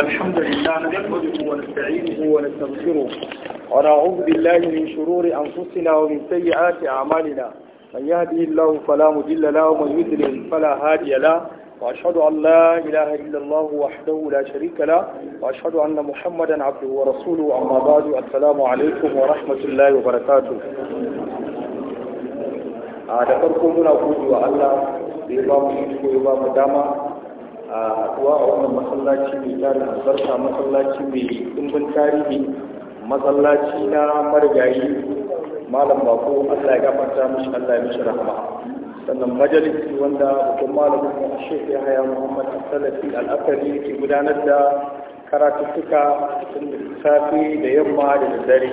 الحمد لله نحمده ونستعينه ونستغفره ونعوذ بالله من شرور أنفسنا ومن سيئات أعمالنا من يهدي الله فلا مضل له ومن يضلل فلا هادي له وأشهد أن لا إله إلا الله وحده لا شريك له وأشهد أن محمدا عبده ورسوله أما بعد السلام عليكم ورحمة الله وبركاته da farko muna gode wa Allah da ya a haɗuwa a wannan masallaci mai tarin albarka masallaci mai ɗimbin tarihi masallaci na marigayi malam bako allah ya gafarta mishi allah ya mishi rahama sannan majalisi wanda malam malamin mu shekhi haya muhammad salafi al'akari ke gudanar da karatuttuka cikin safi da yamma da daddare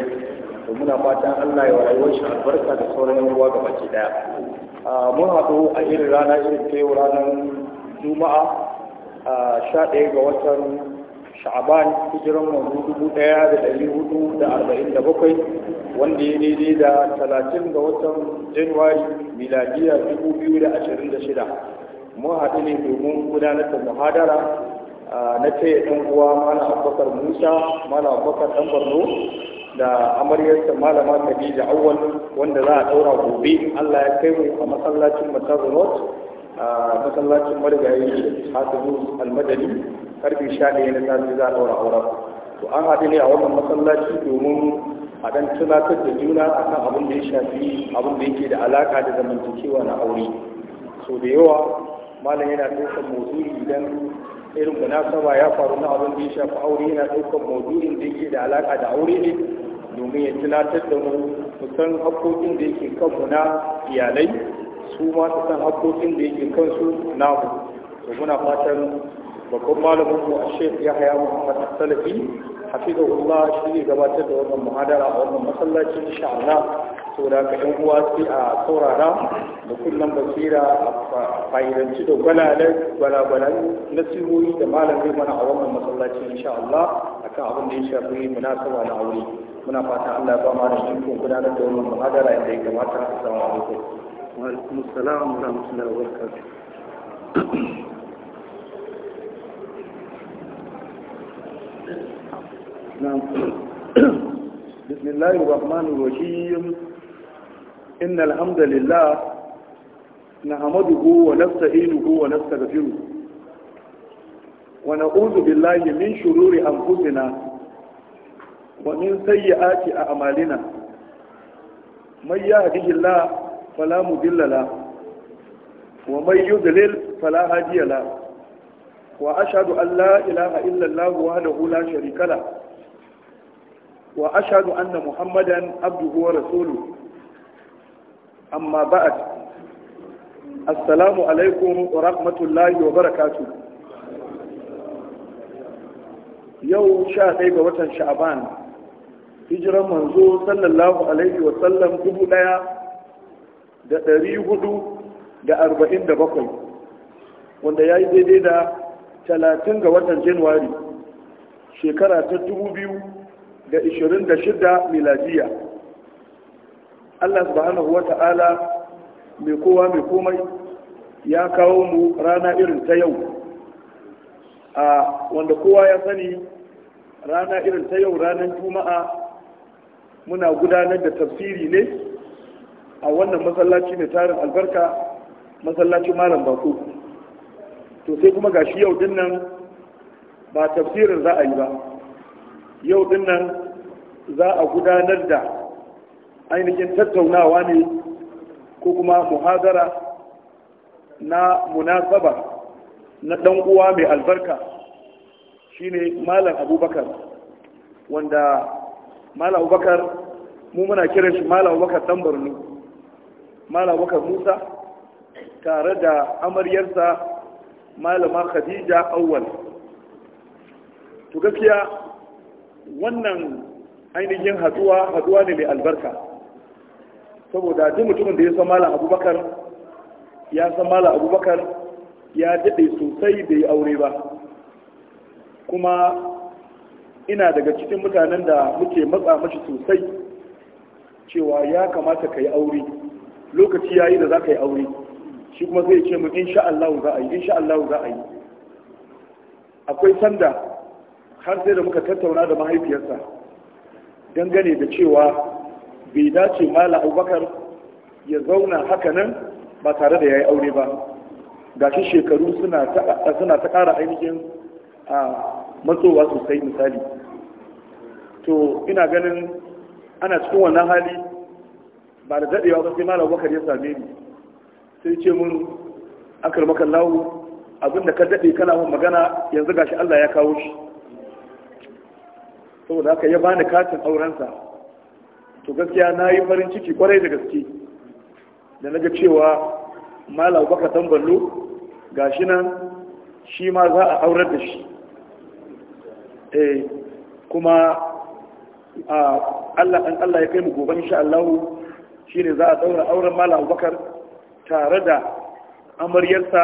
to muna fatan allah ya rayuwar shi albarka da sauran yan uwa gaba ki daya mun haɗu a irin rana irin ta yau ranar juma'a 11 ga watan sha'aban hijiran wanzu dubu ɗaya da ɗari da arba'in da bakwai wanda ya daidai da talatin ga watan januwari miladiya dubu biyu da ashirin da shida mun haɗu ne domin gudanar da muhadara na taya ɗan uwa mana abubakar musa mana abubakar ɗan borno da amaryarsa malama khadija awwal wanda za a ɗaura gobe allah ya kai mu a masallacin matar a masallacin marigayi hafizu almadani karfe sha ɗaya na safe za a ɗaura aura to an haɗu ne a wannan masallaci domin a ɗan tunatar da juna a kan abin da ya shafi abin da yake da alaƙa da zamantakewa na aure so da yawa malam yana ɗaukar maudu'i idan irin munasaba ya faru na abin da ya shafi aure yana ɗaukar maudu'in da yake da alaƙa da aure ne domin ya tunatar da mu musan hakkokin da yake kanmu na iyalai su ma su san hakkokin da yake kansu namu to muna fatan babban malamin mu a shek ya haya muhammad salafi hafizahullah shi ne gabatar da wannan muhadara a wannan masallaci insha Allah da ka ɗan uwa sai a saurara da kullum basira a fa'idanci da gwalagwalan nasihohi da malamin mana a wannan masallaci insha Allah akan abin da ya shafi munasaba na aure muna fatan Allah ba ma da gudanar da wannan muhadara inda ya kamata assalamu alaikum وعليكم السلام ورحمة الله وبركاته نعم بسم الله الرحمن الرحيم إن الحمد لله نحمده ونستعينه ونستغفره ونعوذ بالله من شرور أنفسنا ومن سيئات أعمالنا من يهده الله فلا مضل له ومن يضلل فلا هادي له وأشهد أن لا إله إلا الله وحده لا شريك له وأشهد أن محمدا عبده ورسوله أما بعد السلام عليكم ورحمة الله وبركاته يوم شاهد وطن شعبان hijiran manzo sallallahu alaihi wa sallam dubu daya da ɗari hudu da arba'in da bakwai wanda ya yi daidai da talatin ga watan januwari shekara ta dubu biyu da ishirin da shida miladiya allah subhanahu wa ta'ala mai kowa mai komai ya kawo mu rana irin ta yau a wanda kowa ya sani rana irin ta yau ranar juma'a muna gudanar da tafsiri ne a wannan masallaci mai tarin albarka masallaci malam bako to sai kuma ga shi yau din nan ba tafsirin za a yi ba yau din nan za a gudanar da ainihin tattaunawa ne ko kuma muhazara na munasaba na ɗan uwa mai albarka shine malam abubakar wanda malam abubakar mu muna kiran shi malam abubakar ɗan borno Malamakar musa tare da amaryarsa malama khadija awwal to gaskiya wannan ainihin haduwa haduwa ne mai albarka saboda duk mutumin da ya san malam abubakar ya san malam abubakar ya daɗe sosai bai aure ba kuma ina daga cikin mutanen da muke matsa mashi sosai cewa ya kamata ka yi aure lokaci ya yi da za ka yi aure shi kuma zai ce mu insha Allah za a yi insha Allah za a yi akwai sanda har sai da muka tattauna da mahaifiyarsa dangane da cewa bai dace mala abubakar ya zauna haka nan ba tare da ya yi aure ba ga shi shekaru suna ta ƙara ainihin a matsowa sosai misali to ina ganin ana cikin wannan hali ba da daɗewa ba sai malam bakar ya same ni sai ce mun akar maka lawo abinda ka daɗe kana mun magana yanzu gashi Allah ya kawo shi saboda haka ya bani katin aurensa to gaskiya na yi farin ciki kwarai da gaske da na ga cewa malam baka tambalo gashi nan shi ma za a aurar da shi eh, kuma Allah ɗan Allah ya kai mu gobe insha Allah ne za a daura auren malam abubakar tare da amaryarsa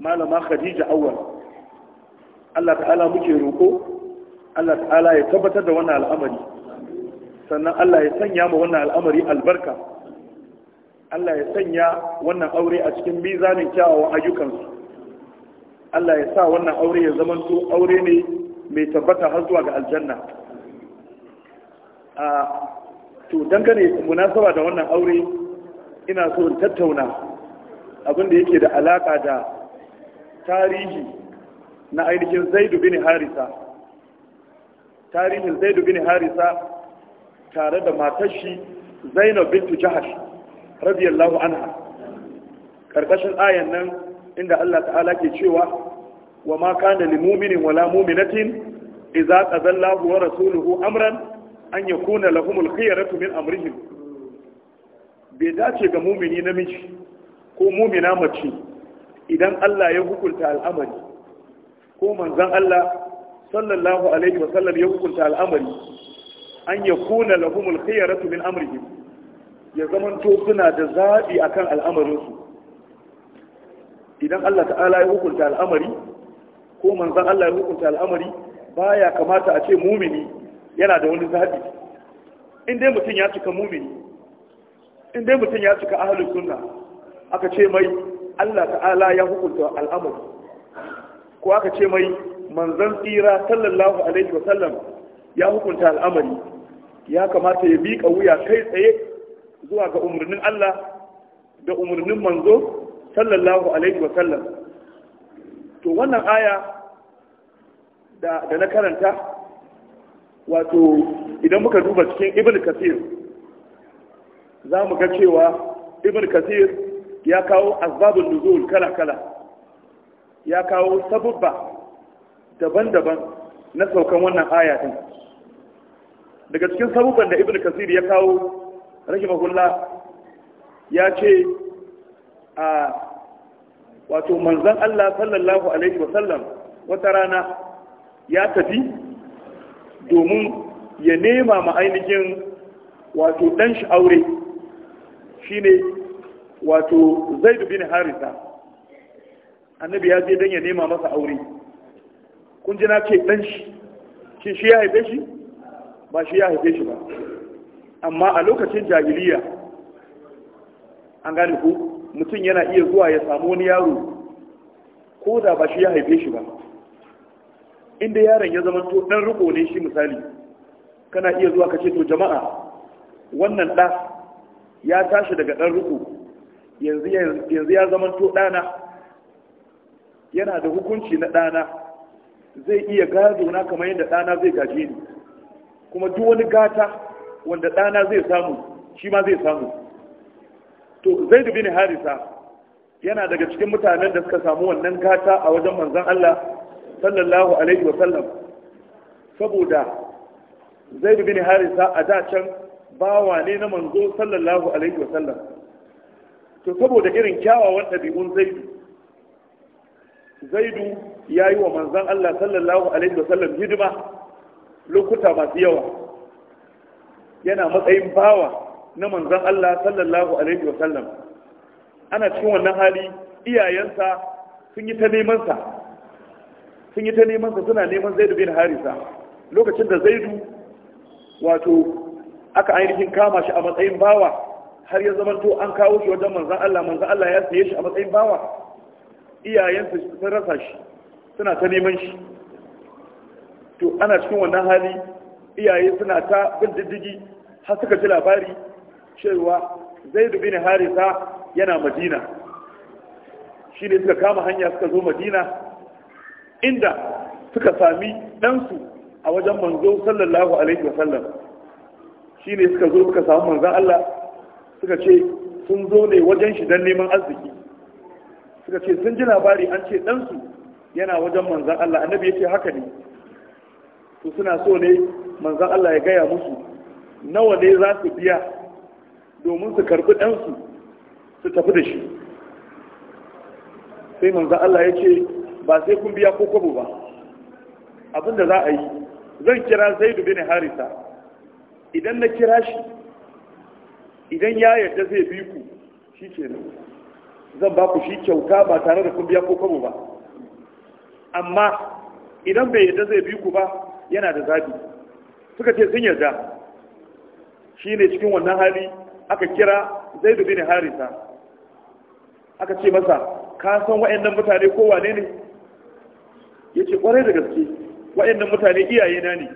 malama khadija awal Allah ta'ala muke roko Allah ta'ala ya tabbatar da wannan al'amari sannan Allah ya sanya ma wannan al'amari albarka Allah ya sanya wannan aure a cikin mizanin kyawawan ayyukansu Allah ya sa wannan aure ya zamanto aure ne mai tabbata har zuwa ga aljanna ah, to dangane munasaba da wannan aure ina so in tattauna abin da yake da alaka da tarihi na ainihin zaidu bin harisa tarihin zaidu bin harisa tare da matashi zainab bintu jahash radiyallahu anha karkashin ayan nan inda Allah ta'ala ke cewa wa ma kana lil mu'minin wala mu'minatin idza qadallahu wa rasuluhu amran an ya kuna lahumul khiyaratu min amrihim bai dace ga mumini namiji ko mumina mace idan Allah ya hukunta al'amari ko manzan Allah sallallahu alaihi wa sallam ya hukunta al'amari an ya kuna lahumul khiyaratu min amrihim ya zamanto suna da zaɓi akan al'amarinsu idan Allah ta'ala ya hukunta al'amari ko manzan Allah ya hukunta al'amari baya kamata a ce mumini yana da wani zaɓi in dai mutum ya cika mumini in dai mutum ya cika ahalin sunna aka ce mai Allah ta'ala ya hukunta al'amari ko aka ce mai manzon tsira sallallahu alaihi wa sallam ya hukunta al'amari ya kamata ya miƙa wuya kai tsaye zuwa ga umarnin Allah da umarnin manzo sallallahu alaihi wa sallam to wannan aya da na karanta wato idan muka duba cikin ibn kasir za mu ga cewa ibn kasir ya kawo azbabun nuzul kala-kala ya kawo sabubba daban-daban na saukan wannan ayatun. daga cikin sabubban da ibn kasir ya kawo rahimahullah ya ce a wato manzan Allah sallallahu alaihi wasallam wata rana ya tafi domin ya nema ma ainihin wato dan shi aure shine wato Zaidu bin harisa annabi ya je dan ya nema masa aure kun ji na ce dan shi shi shi ya haife shi ba shi ya haife shi ba amma a lokacin jahiliya an gane ku mutum yana iya zuwa ya samu wani yaro ko da ba shi ya haife shi ba inda yaron ya zama to dan riko ne shi misali kana iya zuwa ka ce to jama'a wannan ɗa ya tashi daga ɗan riko yanzu ya zama to ɗana yana da hukunci na ɗana zai iya gado na kamar yadda ɗana zai gaje ni kuma duk wani gata wanda ɗana zai samu shi ma zai samu to zai dubi harisa yana daga cikin mutanen da suka samu wannan gata a wajen manzon Allah sallallahu alaihi wa sallam saboda Zaidu bin harisa a da can bawa ne na manzo sallallahu alaihi wa sallam to saboda irin kyawawan ɗabi'un zaidu zaidu ya yi wa manzan Allah sallallahu alaihi wa sallam hidima lokuta masu yawa yana matsayin bawa na manzan Allah sallallahu alaihi wa sallam ana cikin wannan hali iyayensa sun yi ta nemansa sun yi ta neman sa suna neman zaidu bin harisa lokacin da zaidu wato aka ainihin kama shi a matsayin bawa har ya zama to an kawo shi wajen manzan Allah manzan Allah ya siye shi a matsayin bawa iyayensa sun rasa shi suna ta neman shi to ana cikin wannan hali iyaye suna ta bin diddigi har suka ji labari cewa zaidu bin harisa yana madina shi ne suka kama hanya suka zo madina inda suka sami ɗansu a wajen manzo sallallahu alaihi wa sallam shi ne suka zo suka samu manzan Allah suka ce sun zo ne wajen shi don neman arziki suka ce sun ji labari an ce ɗansu yana wajen manzan Allah annabi ya ce haka ne su suna so ne manzan Allah ya gaya musu nawa ne za su biya domin su karbi ɗansu su tafi da shi sai manzan Allah ya ce ba sai kun biya ko kwabo ba abinda za a yi zan kira zaidu bin harisa idan na kira shi idan ya yarda zai bi ku shi ke zan ba ku shi kyauta ba tare da kun biya ko kwabo ba amma idan bai yarda zai bi ku ba yana da zabi suka ce sun yarda shi ne cikin wannan hali aka kira zaidu bin harisa aka ce masa ka san wa'annan mutane ko ne ya ce kwarai da gaske waɗannan mutane iyaye na ne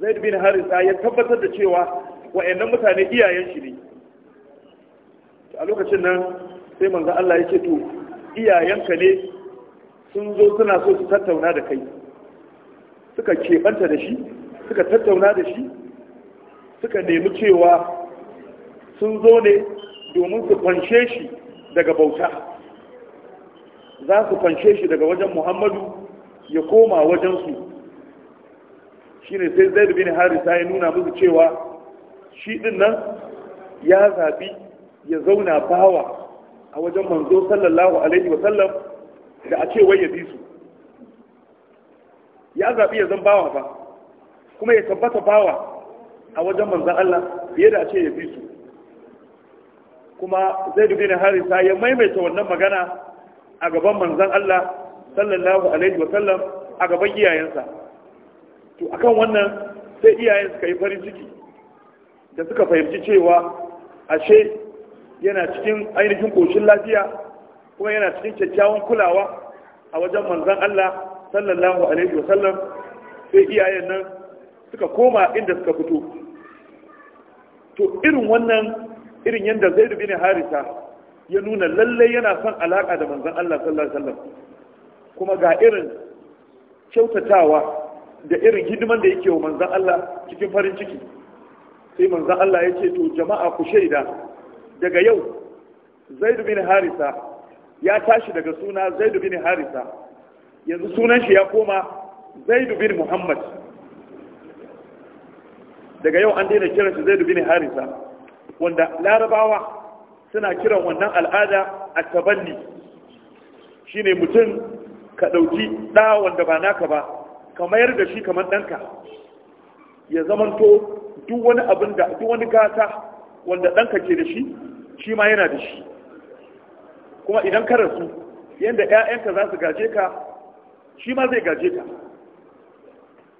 zaid bin harisa ya tabbatar da cewa waɗannan mutane iyayen shi ne a lokacin nan sai manzo Allah ya ce to iyayenka ne sun zo suna so su tattauna da kai suka keɓanta da shi suka tattauna da shi suka nemi cewa sun zo ne domin su fanshe shi daga bauta za su fanshe shi daga wajen muhammadu ya koma wajensu shi ne sai zai bin harisa ya nuna musu cewa shi ɗin nan ya zaɓi ya zauna bawa a wajen manzo sallallahu alaihi wasallam da a cewa ya bi su ya zaɓi ya zan bawa ba kuma ya tabbata bawa a wajen manzan Allah fiye da a ce ya bi su kuma zai bin harisa ya maimaita wannan magana a gaban manzan Allah sallallahu alaihi wa sallam a gaban iyayensa to akan wannan sai iyayen suka yi farin ciki da suka fahimci cewa ashe yana cikin ainihin koshin lafiya kuma yana cikin kyakkyawan kulawa a wajen manzan Allah sallallahu alaihi wa sallam sai iyayen nan suka koma inda suka fito to irin wannan irin yadda zai bin harisa ya nuna lallai yana son alaka da manzon Allah sallallahu alaihi wasallam kuma ga irin kyautatawa da irin hidiman da yake wa manzon Allah cikin farin ciki sai manzon Allah ya ce to jama'a ku shaida daga yau Zaid bin Harisa ya tashi daga suna Zaid bin Harisa yanzu sunan shi ya koma Zaid bin Muhammad daga yau an daina kiran shi Zaid bin Harisa wanda larabawa suna kiran wannan al'ada a tabanni ne mutum ka ɗauki ɗa wanda ba naka ba ka mayar da shi kamar ɗanka ya zamanto duk wani abin da duk wani gata wanda ɗanka ke da shi shi ma yana da shi kuma idan ka rasu yadda 'ya'yanka za su gaje ka shi ma zai gaje ka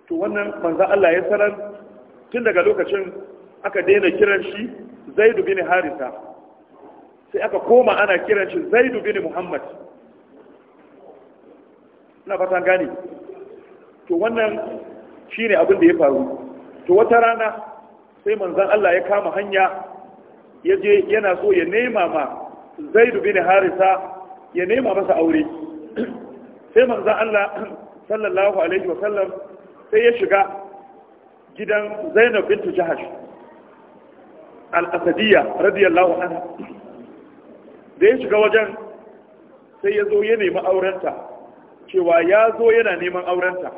to wannan manzan Allah ya sanar tun daga lokacin aka daina kiran shi dubi ne harisa sai aka koma ana kiran shi zaidu bin muhammad na fatan gani. to wannan shine abin da ya faru to wata rana sai manzan Allah ya kama hanya ya je yana so ya nema ma zaidu bin harisa ya nema masa aure sai manzan Allah sallallahu alaihi wa sallam sai ya shiga gidan zainab bintu jahash al-asadiyya radiyallahu anha da ya shiga wajen sai ya zo ya nemi aurenta cewa ya zo yana neman aurenta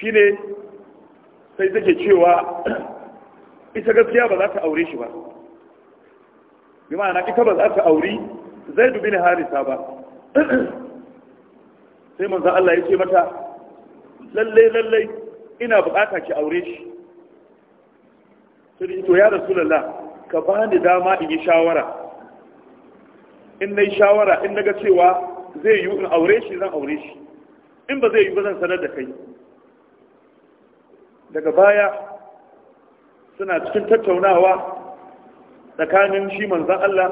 shi ne sai take cewa ita gaskiya ba za ta aure shi ba bi ma'ana ita ba za ta aure, zai dubi na harisa ba sai manza Allah ya ce mata lallai lallai ina bukata ki aure shi sai to ya rasu ka ba ni dama in yi shawara in na yi shawara in na ga cewa zai yi in aure shi zan aure shi in ba zai yi ba zan sanar da kai daga baya suna cikin tattaunawa tsakanin shi manzan Allah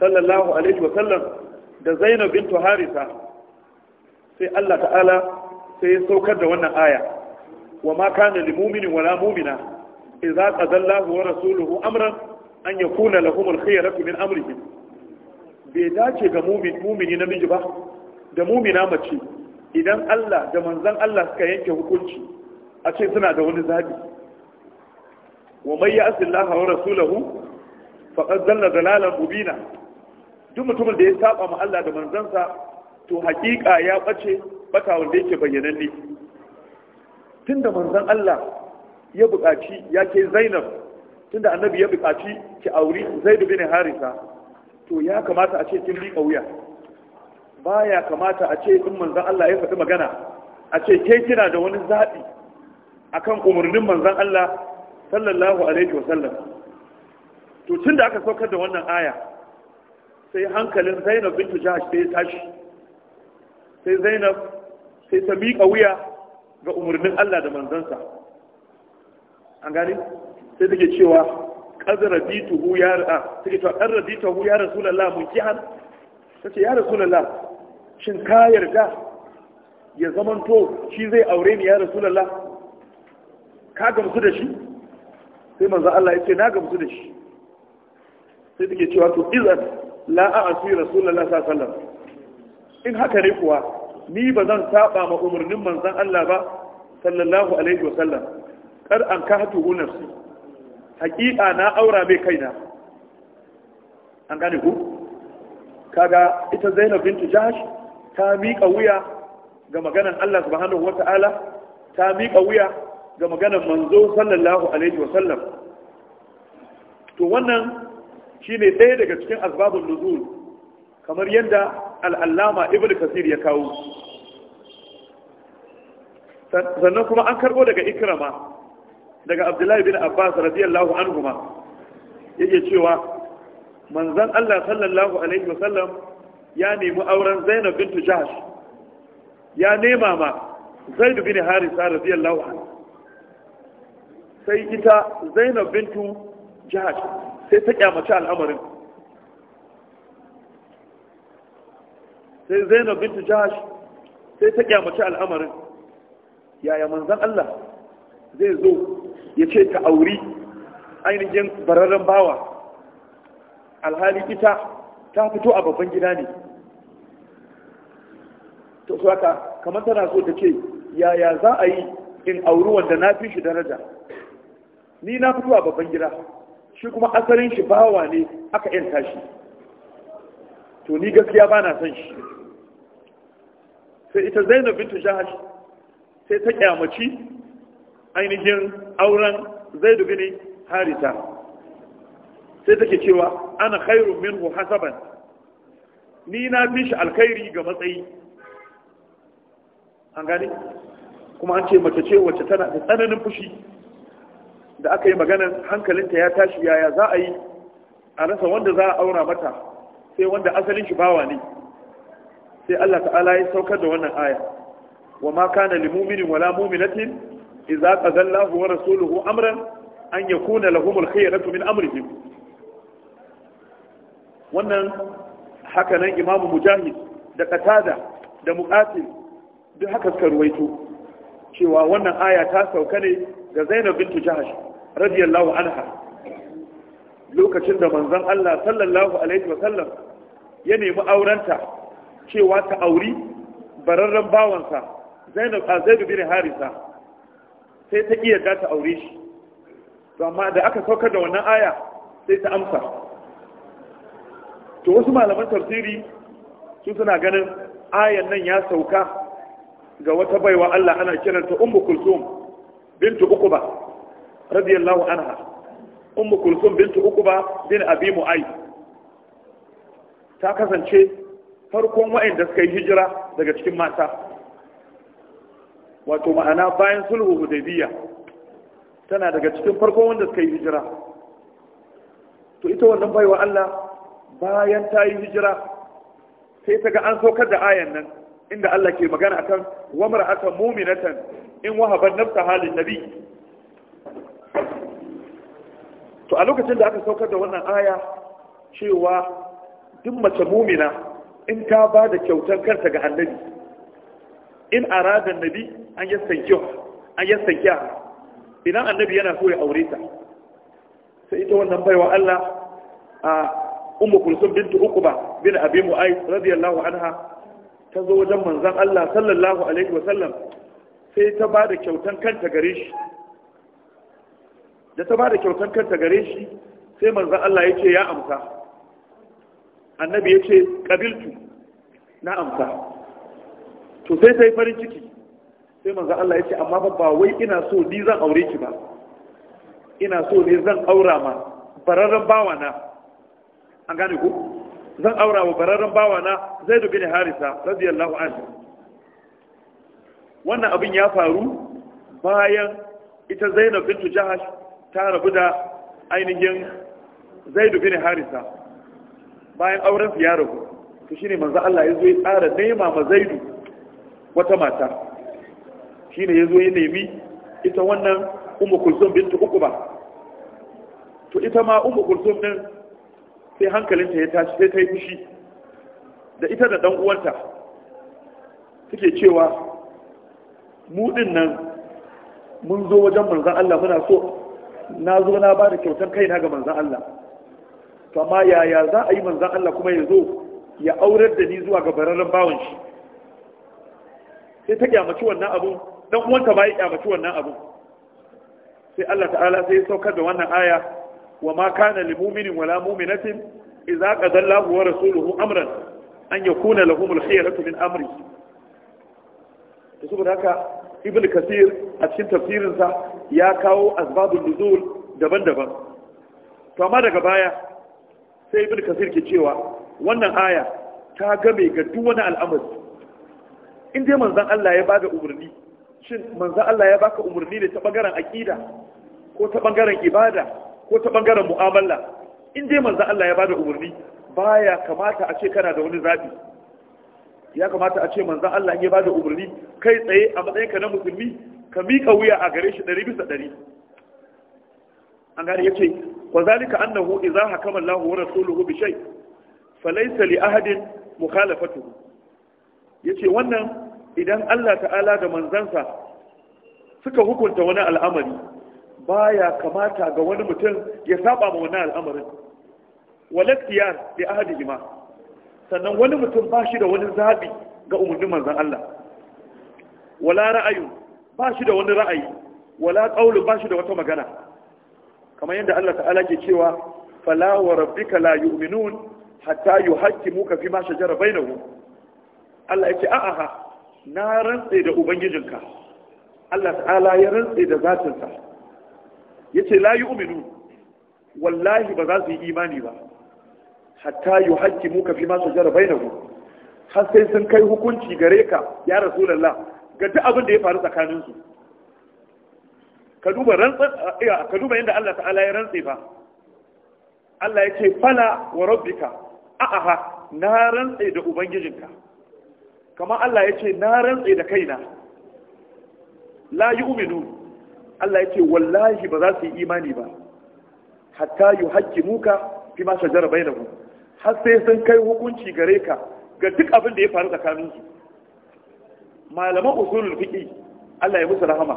sallallahu alaihi Wasallam da Zainab bin Harisa sai Allah ta'ala sai ya saukar da wannan aya wa ma kana lil wala mu'mina idza qadallahu wa rasuluhu amran an ya kuna lahumul khiyaratu min amrihi bai dace ga mumin mumini namiji ba da mumina mace idan Allah da manzon Allah suka yanke hukunci a ce suna da wani zabi wa ya ya'si wa rasulahu faqad dalla dalalan mubina duk mutumin da ya saba ma Allah da manzansa to hakika ya bace bata wanda yake bayyananne tunda manzon Allah ya buƙaci ya ke Zainab tunda annabi ya buƙaci ki auri Zaid bin harisa to ya kamata a ce kin bi wuya baya kamata a ce in manzon Allah ya faɗi magana a ce ke kina da wani zaɓi akan umarnin manzon Allah sallallahu alaihi wa sallam to tunda aka saukar da wannan aya sai hankalin Zainab bintu Jahsh sai tashi sai Zainab sai ta miƙa wuya ga umarnin Allah da manzansa an gani. sai take cewa hu ya ra'a ah, ke cewa hu ya rasulullah ta ce ya rasulullah shin ka yarda ya zamanto shi zai aure ni ya rasulullah ka gamsu da shi sai manzo Allah ya ce na gamsu da shi sai take cewa to izan la a'asi rasulullah sallallahu alaihi wasallam in haka ne kuwa ni ba zan saba ma umarnin manzon Allah ba sallallahu alaihi wasallam kar an kahatu nafsi haƙiƙa na aura mai kaina an gane ku kaga ita zainab bintu jahsh ta miƙa wuya ga maganan Allah subhanahu wata'ala ta miƙa wuya ga maganan manzo sallallahu alaihi wasallam to wannan shine ɗaya daga cikin asbabun nuzul kamar yadda al'allama ibnu kasir ya kawo sannan kuma an karbo daga ikrama daga abdullahi bin abbas radiyallahu anhuma yake cewa manzon Allah sallallahu alaihi wasallam ya nemi auren Zainab bintu Jahsh ya nema ma Zaid bin Harisa radiyallahu anhu sai ita Zainab bintu Jahsh sai ta kyamaci al'amarin sai Zainab bintu Jahsh sai ta kyamaci al'amarin yaya manzon Allah zai zo ya ce ta auri ainihin bararren bawa alhali ita ta fito a babban gida ne to su haka kamar tana so ta ce yaya za a yi in auri wanda na fi shi daraja ni na fito a babban gida shi kuma asalin shi bawa ne aka yanta shi to ni gaskiya ba na son shi sai ita zainab bintu jahash sai ta kyamaci ainihin auren dubi bin harita sai take cewa ana khairun minhu hasaban ni na fi shi alkhairi ga matsayi an gani kuma an ce mace ce wacce tana da tsananin fushi da aka yi maganan hankalinta ya tashi yaya za a yi a rasa wanda za a aura mata sai wanda asalin shi bawa ne sai Allah ta'ala ya saukar da wannan aya wa ma kana lil mu'minin wala mu'minatin Iza qadallahu wa rasuluhu amran an yakuna lahum al-khiyaratu min amrihim wannan haka nan imamu mujahid da qatada da muqatil duk haka suka ruwaito cewa wannan aya ta sauka ne ga Zainab bintu Jahash radiyallahu anha lokacin da manzon Allah sallallahu alaihi sallam ya nemi aurenta cewa ta auri bararren bawansa Zainab Azaid bin Harisa sai ta iya za ta aure shi to amma da aka saukar da wannan aya sai ta amsa to wasu malaman tafsiri su suna ganin ayan nan ya sauka ga wata baiwa Allah ana kiranta ummu kulsum bintu uquba radiyallahu anha ummu kulsum bintu uquba bin abi mu'ay ta kasance farkon wa'anda suka yi hijira daga cikin mata wato ma'ana bayan sulhu hudaybiya tana daga cikin farko wanda suka yi hijira to ita wannan baiwa Allah bayan ta yi hijira sai ta ga an saukar da ayan nan inda Allah ke magana akan wa mar'atan mu'minatan in wahaban nafsa halin nabi to a lokacin da aka saukar da wannan aya cewa duk mace mumina in ta ba da kyautar kanta ga annabi in arada nabi an yi yastankiya an yastankiya idan annabi yana so ya aure ta sai ita wannan baiwa Allah a ummu kulsum bint uqba bin abi mu'ayth radiyallahu anha ta zo wajen manzon Allah sallallahu alaihi wa sallam sai ta bada kyautan kanta gare shi da ta bada kyautan kanta gare shi sai manzon Allah yace ya amsa annabi yace qabiltu na amsa to sai sai farin ciki sai manzo Allah ya ce amma ba wai ina so ni zan aure ki ba ina so ne zan aura ma bararren bawana an gane ku zan aura wa bararren bawana zai dubi harisa radiyallahu anhu wannan abin ya faru bayan ita zainab bintu jahash ta rabu da ainihin Zaidu bin harisa bayan auren su ya rabu to shine manzo Allah ya zo ya tsara nema ma zaidu wata mata shi ne ya zo ya nemi ita wannan umu kulsum bintu uku ba to ita ma umu kulsum din sai hankalinta ya tashi sai ta yi fushi da ita da dan uwanta suke cewa mu din nan mun zo wajen manzan Allah muna so na zo na ba da kyautan kaina ga manzan Allah to amma yaya za a yi manzan Allah kuma ya zo ya aurar da ni zuwa ga bararren bawon shi sai ta kyamaci wannan abu, dan uwanta ba ya kyamaci wannan abu. sai Allah ta'ala sai ya saukar da wannan aya wa ma kana lil mu'minin wala mu'minatin idza qada Allahu wa rasuluhu amran an yakuna lahumul khiyaratu min amri to haka ibn kasir a cikin tafsirinsa ya kawo asbabun nuzul daban-daban to amma daga baya sai ibn kasir ke cewa wannan aya ta game ga duk wani al'amari in dai manzan Allah ya bada umarni shin manzan Allah ya baka umarni ne ta bangaren aƙida, ko ta bangaren ibada ko ta bangaren mu'amala in dai manzan Allah ya bada umarni baya kamata a ce kana da wani zabi ya kamata a ce manzan Allah ya bada umarni kai tsaye a matsayin ka na musulmi ka mika wuya a gare shi ɗari bisa 100 an gane yace wa zalika annahu idza hakama Allahu wa rasuluhu bi shay falaysa li ahadin mukhalafatuhu Ya ce wannan idan Allah ta'ala da manzansa suka hukunta wani al'amari baya kamata ga wani mutum ya saba ma wani al'amarin walaktiyar bi ahadihima sannan wani mutum ba shi da wani zabi ga umarnin manzan Allah wala ra'ayu ba shi da wani ra'ayi wala ƙaunin ba shi da wata magana kamar yadda Allah ta'ala ke cewa fala wa rabbika la yu'minun hatta yuhaqqimuka fi ma shajara bainahum Allah ya ce a'a na rantse da ubangijinka Allah ta'ala ya rantse da zatinsa ya ce la yu'minu wallahi ba za su yi imani ba hatta yuhaqqimu ka fi ma jara bainahu har sai sun kai hukunci gare ka ya rasulullah ga duk abin da ya faru tsakaninsu ka duba ka duba yadda Allah ta'ala ya rantse ba Allah ya ce fala wa rabbika a'a na rantse da ubangijinka kamar Allah ya ce na rantse da kaina la yu'minu Allah ya ce wallahi ba za su yi imani ba hatta muka, fi ma shajara bainahum har sai sun kai hukunci gare ka ga duk abin da ya faru tsakanin su malaman usulul fiqi Allah ya musu rahama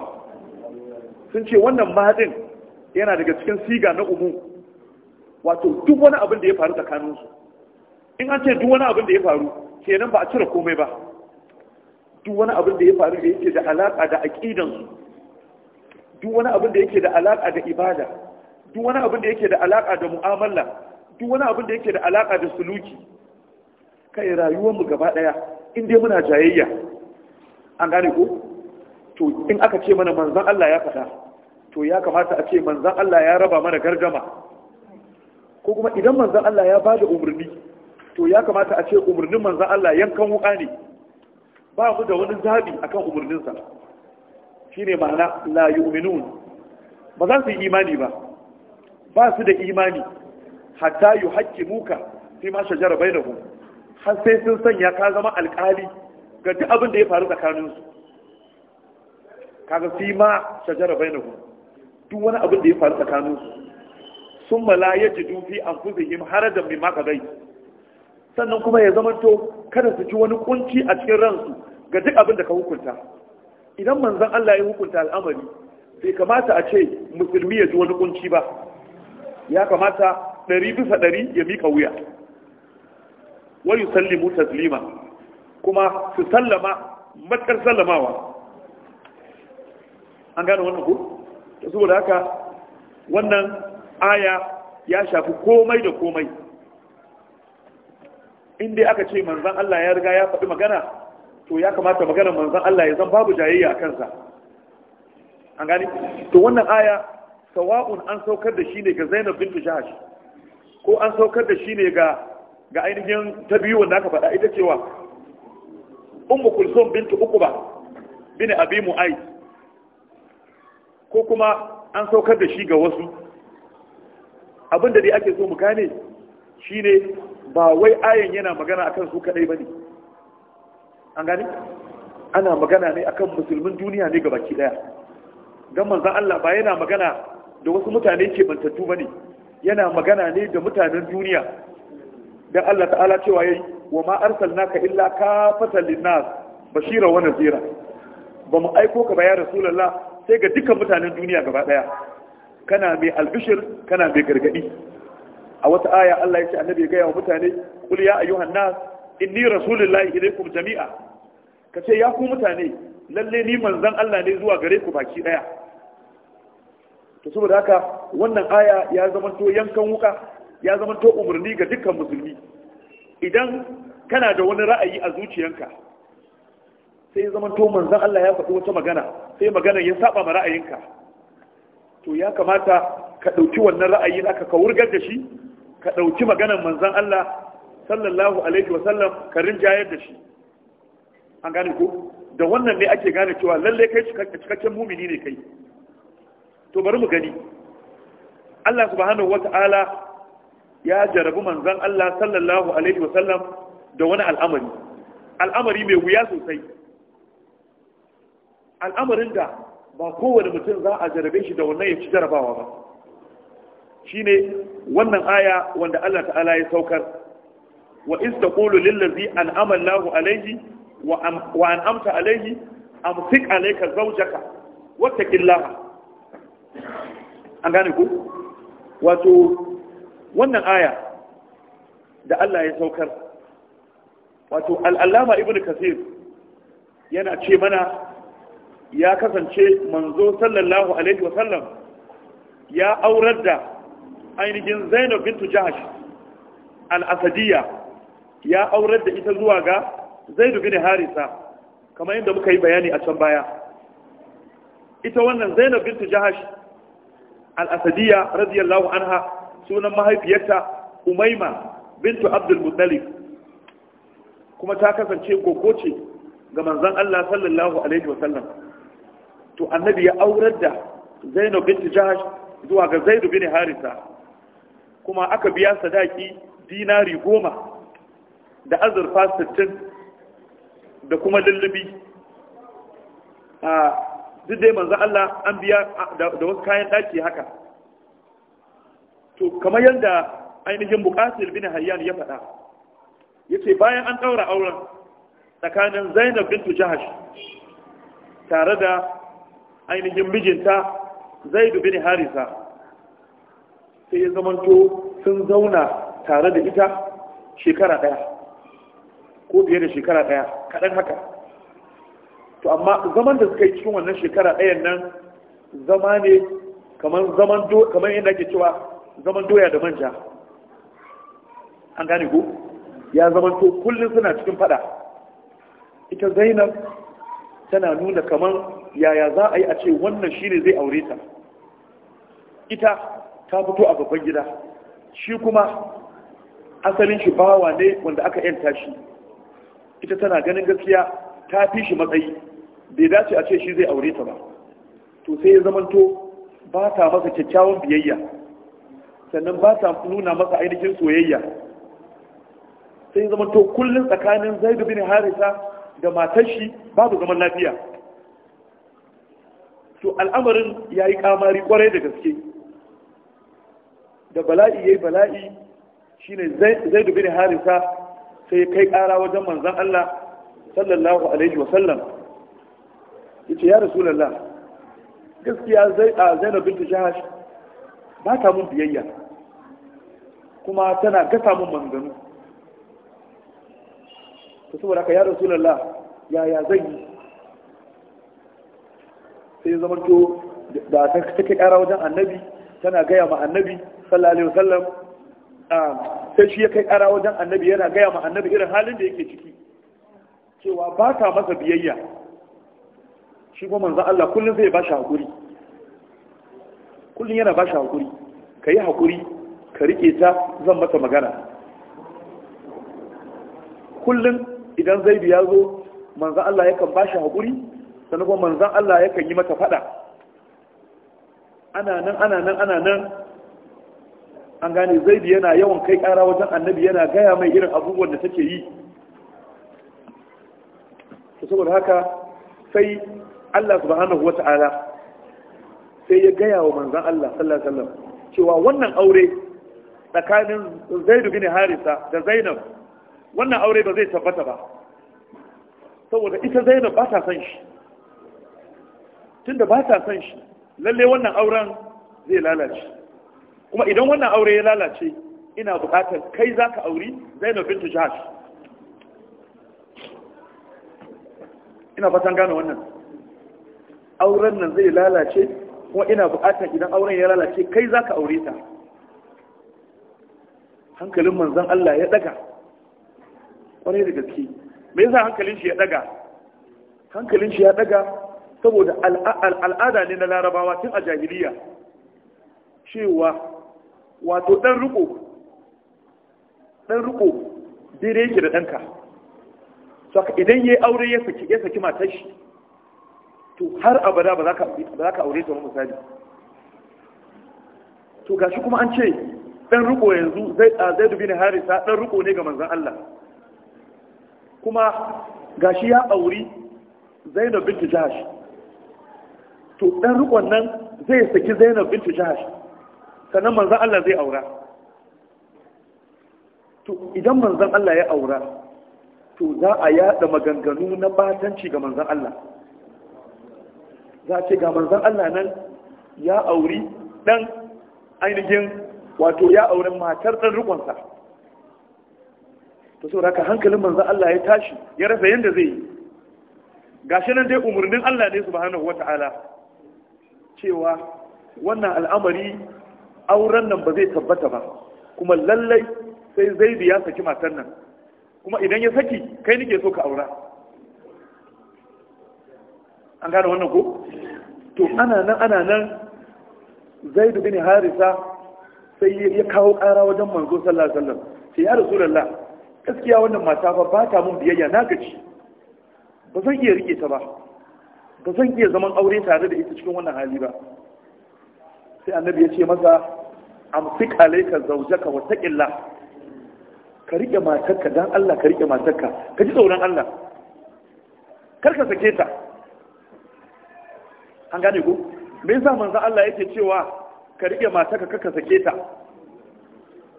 sun ce wannan mahadin yana daga cikin siga na umu wato duk wani abin da ya faru tsakanin su in an ce duk wani abin da ya faru kenan ba a cire komai ba duk wani abin da ya faru da yake da alaƙa da aƙidansu duk wani abin da yake da alaƙa da ibada duk wani abin da yake da alaƙa da mu'amala duk wani abin da yake da alaƙa da suluki kai rayuwarmu gaba ɗaya in dai muna jayayya an gane ko to in aka ce mana manzan Allah ya faɗa to ya kamata a ce manzan Allah ya raba mana gargama ko kuma idan manzan Allah ya ba da umarni to ya kamata a ce umarnin manzan Allah yankan wuƙa ne ba mu da wani zabi akan umarninsa shine ma'ana la yu'minun ba za su yi imani ba ba su da imani hatta yuhaqqimuka fi ma shajara bainahum har sai sun sanya ka zama alƙali ga duk abin da ya faru tsakaninsu kaga fi ma shajara bainahum duk wani abin da ya faru tsakaninsu sun mala yajidu fi anfusihim harajan mimma qadayt sannan kuma ya to kada su ji wani kunci a cikin ransu ga duk abin da ka hukunta idan manzon Allah ya hukunta al'amari bai kamata a ce musulmi ya ji wani kunci ba ya kamata ɗari bisa ɗari ya mika wuya wa yusallimu taslima kuma su sallama matkar sallamawa an gane wannan ku saboda haka wannan aya ya shafi komai da komai in dai aka ce manzan Allah ya riga ya faɗi magana to ya kamata maganar manzan Allah ya zan babu jayayya a kansa an gani to wannan aya sawa'un an saukar da shi ne ga Zainab Bintu Jahash ko an saukar da shi ne ga ainihin ta biyu wanda aka faɗa ita cewa Ummu Kulsum bint Uqba bin Abi Ai, ko kuma an saukar da shi ga wasu abin abinda dai ake so mu gane shine ba wai ayan yana magana akan su kadai bane an gani ana magana ne akan musulmin duniya ne gabaki daya dan manzon Allah ba yana magana da wasu mutane ke bantattu bane yana magana ne da mutanen duniya dan Allah ta'ala cewa yayi wa ma arsalnaka illa kafatan linnas bashira wa nazira ba mu aiko ka ba ya rasulullah sai ga dukkan mutanen duniya gaba daya kana mai albishir kana mai gargadi a wata aya Allah ya ce annabi gaya wa mutane kul ya ayyuhan nas inni rasulullahi ilaikum jami'a kace ya ku mutane lalle ni manzon Allah ne zuwa gare ku baki daya to saboda haka wannan aya ya to yankan wuka ya zamanto umarni ga dukkan musulmi idan kana da wani ra'ayi a zuciyanka sai to manzon Allah ya faɗi wata magana sai magana ya saba ma ra'ayinka to ya kamata ka ɗauki wannan ra'ayi aka ka wurgar da shi ka ɗauki maganar manzan Allah sallallahu alaihi wasallam ka rinjayar da shi an gane ko da wannan ne ake gane cewa lallai kai cikakken mumini ne kai to bari mu gani Allah subhanahu wata'ala ya jarabi manzan Allah sallallahu alaihi wasallam da wani al'amari al'amari mai wuya sosai al'amarin da ba kowane mutum za a jarabe shi da wannan ya ci jarabawa ba shine wannan aya wanda Allah ta'ala ya saukar wa istaqulu lillazi an amallahu alayhi wa amta alayhi amsik alayka zawjaka wattaqillaha an gane ku wato wannan aya da Allah ya saukar wato al'allama ibn kasir yana ce mana ya kasance manzo sallallahu alaihi wasallam ya aurar da ainihin zainab bintu jahash al-asadiyya ya aurar da ita zuwa ga zaidu bin harisa kamar yadda muka yi bayani a can baya ita wannan zainab bintu jahash al-asadiyya radiyallahu anha sunan mahaifiyarta umaima bintu abdul muttalib kuma ta kasance koko ce ga manzon Allah sallallahu alaihi wa to annabi ya aurar da zainab bintu jahash zuwa ga zaidu bin harisa kuma aka biya sadaki dinari goma da azurfa sittin da kuma lullubi a duk dai manzan Allah an biya da wasu kayan ɗaki haka to kamar yadda ainihin bukatar bin hayyan ya faɗa ya ce bayan an ɗaura auren tsakanin zainab bintu Jihar, tare da ainihin mijinta zaidu bin harisa sai ya zamanto sun zauna tare da ita shekara ɗaya ko biye da shekara ɗaya kaɗan haka to amma zaman da suka yi cikin wannan shekara ɗayan nan zama ne kamar zaman do kamar yadda ake cewa zaman doya da manja an gane ko ya zaman to kullum suna cikin fada ita zainab tana nuna kamar yaya za a yi a ce wannan shine zai aure ta ita ta fito a babban gida shi kuma asalin shi bawa ne wanda aka yanta shi ita tana ganin gaskiya ta fi shi matsayi bai dace a ce shi zai aure ta ba to sai ya zamanto ba ta masa kyakkyawan biyayya sannan ba ta nuna masa ainihin soyayya sai ya zamanto kullum tsakanin zaidu bin harisa da matar shi babu zaman lafiya to al'amarin ya yi kamari kwarai da gaske da bala'i yayi bala'i shine zai dubi harisa sai kai ƙara wajen manzon Allah sallallahu alaihi wa sallam yace ya rasulullah gaskiya zai a Zainab bint Jahash ba ta mun biyayya kuma tana gasa mun manganu to saboda ka ya rasulullah yaya zan yi sai zama to da ta kai ƙara wajen annabi tana gaya ma annabi sallallahu alaihi wasallam sai shi ya kai ƙara wajen annabi yana gaya ma annabi irin halin da yake ciki cewa ba ta masa biyayya shi kuma manzan Allah kullum zai ba shi haƙuri kullum yana ba shi haƙuri ka yi haƙuri ka riƙe ta zan mata magana kullum idan zaidu ya zo manzan Allah yakan ba shi haƙuri sannan kuma manzan Allah yakan yi mata faɗa ana nan ana nan ana nan an gane zaidi yana yawan kai kara wajen annabi yana gaya mai irin abubuwan da take yi saboda haka sai Allah subhanahu Wata'ala sai ya gaya wa manzan Allah sallallahu alaihi wasallam cewa wannan aure tsakanin zaidu bin harisa da zainab wannan aure ba zai tabbata ba saboda ita zainab ba ta son shi tunda ba ta son shi lalle wannan auren zai lalace kuma idan wannan aure ya lalace ina buƙatar kai za ka auri zainab bintu jahash ina fatan gane wannan auren nan zai lalace kuma ina buƙatar idan auren ya lalace kai za ka aure ta hankalin manzan Allah ya daga ƙwarai da gaske me yasa hankalin shi ya daga hankalin shi ya daga saboda al'ada ne na larabawa tun a jahiliya cewa wato dan riko dan riko dire yake da danka saka idan yayi aure ya saki ya saki matar shi to har abada ba za ka ba za ka aure ta misali to gashi kuma an ce dan riko yanzu zai zai dubi ne harisa dan riko ne ga manzon Allah kuma gashi ya auri Zainab binti Jahash to dan rikon nan zai saki Zainab binti Jahash sannan manzan Allah zai aura to idan manzan Allah ya aura to za a yada maganganu na batanci ga manzan Allah za a ce ga manzan Allah nan ya auri dan ainihin wato ya auri matar dan rukunsa, to saura ka hankalin manzan Allah ya tashi ya rasa yadda zai yi gashi nan dai umarnin Allah ne su subhanahu wata'ala cewa wannan al'amari auren nan ba zai tabbata ba kuma lallai sai zai ya saki matan nan kuma idan ya saki kai nike so ka aura an gane wannan ko to ana nan ana nan zaidu bin harisa sai ya kawo kara wajen manzo sallallahu alaihi wasallam sai ya rasulullah gaskiya wannan mata fa ba ta mun biyayya na gaci ba zan iya rike ta ba ba zan iya zaman aure tare da ita cikin wannan hali ba sai annabi ya ce masa amsik alayka zawjaka wa taqilla ka riƙe matarka don Allah ka riƙe matarka ka ji tsoron Allah kar ka sake ta an gane ku me yasa manzo Allah yake cewa ka riƙe matarka kar ka sake ta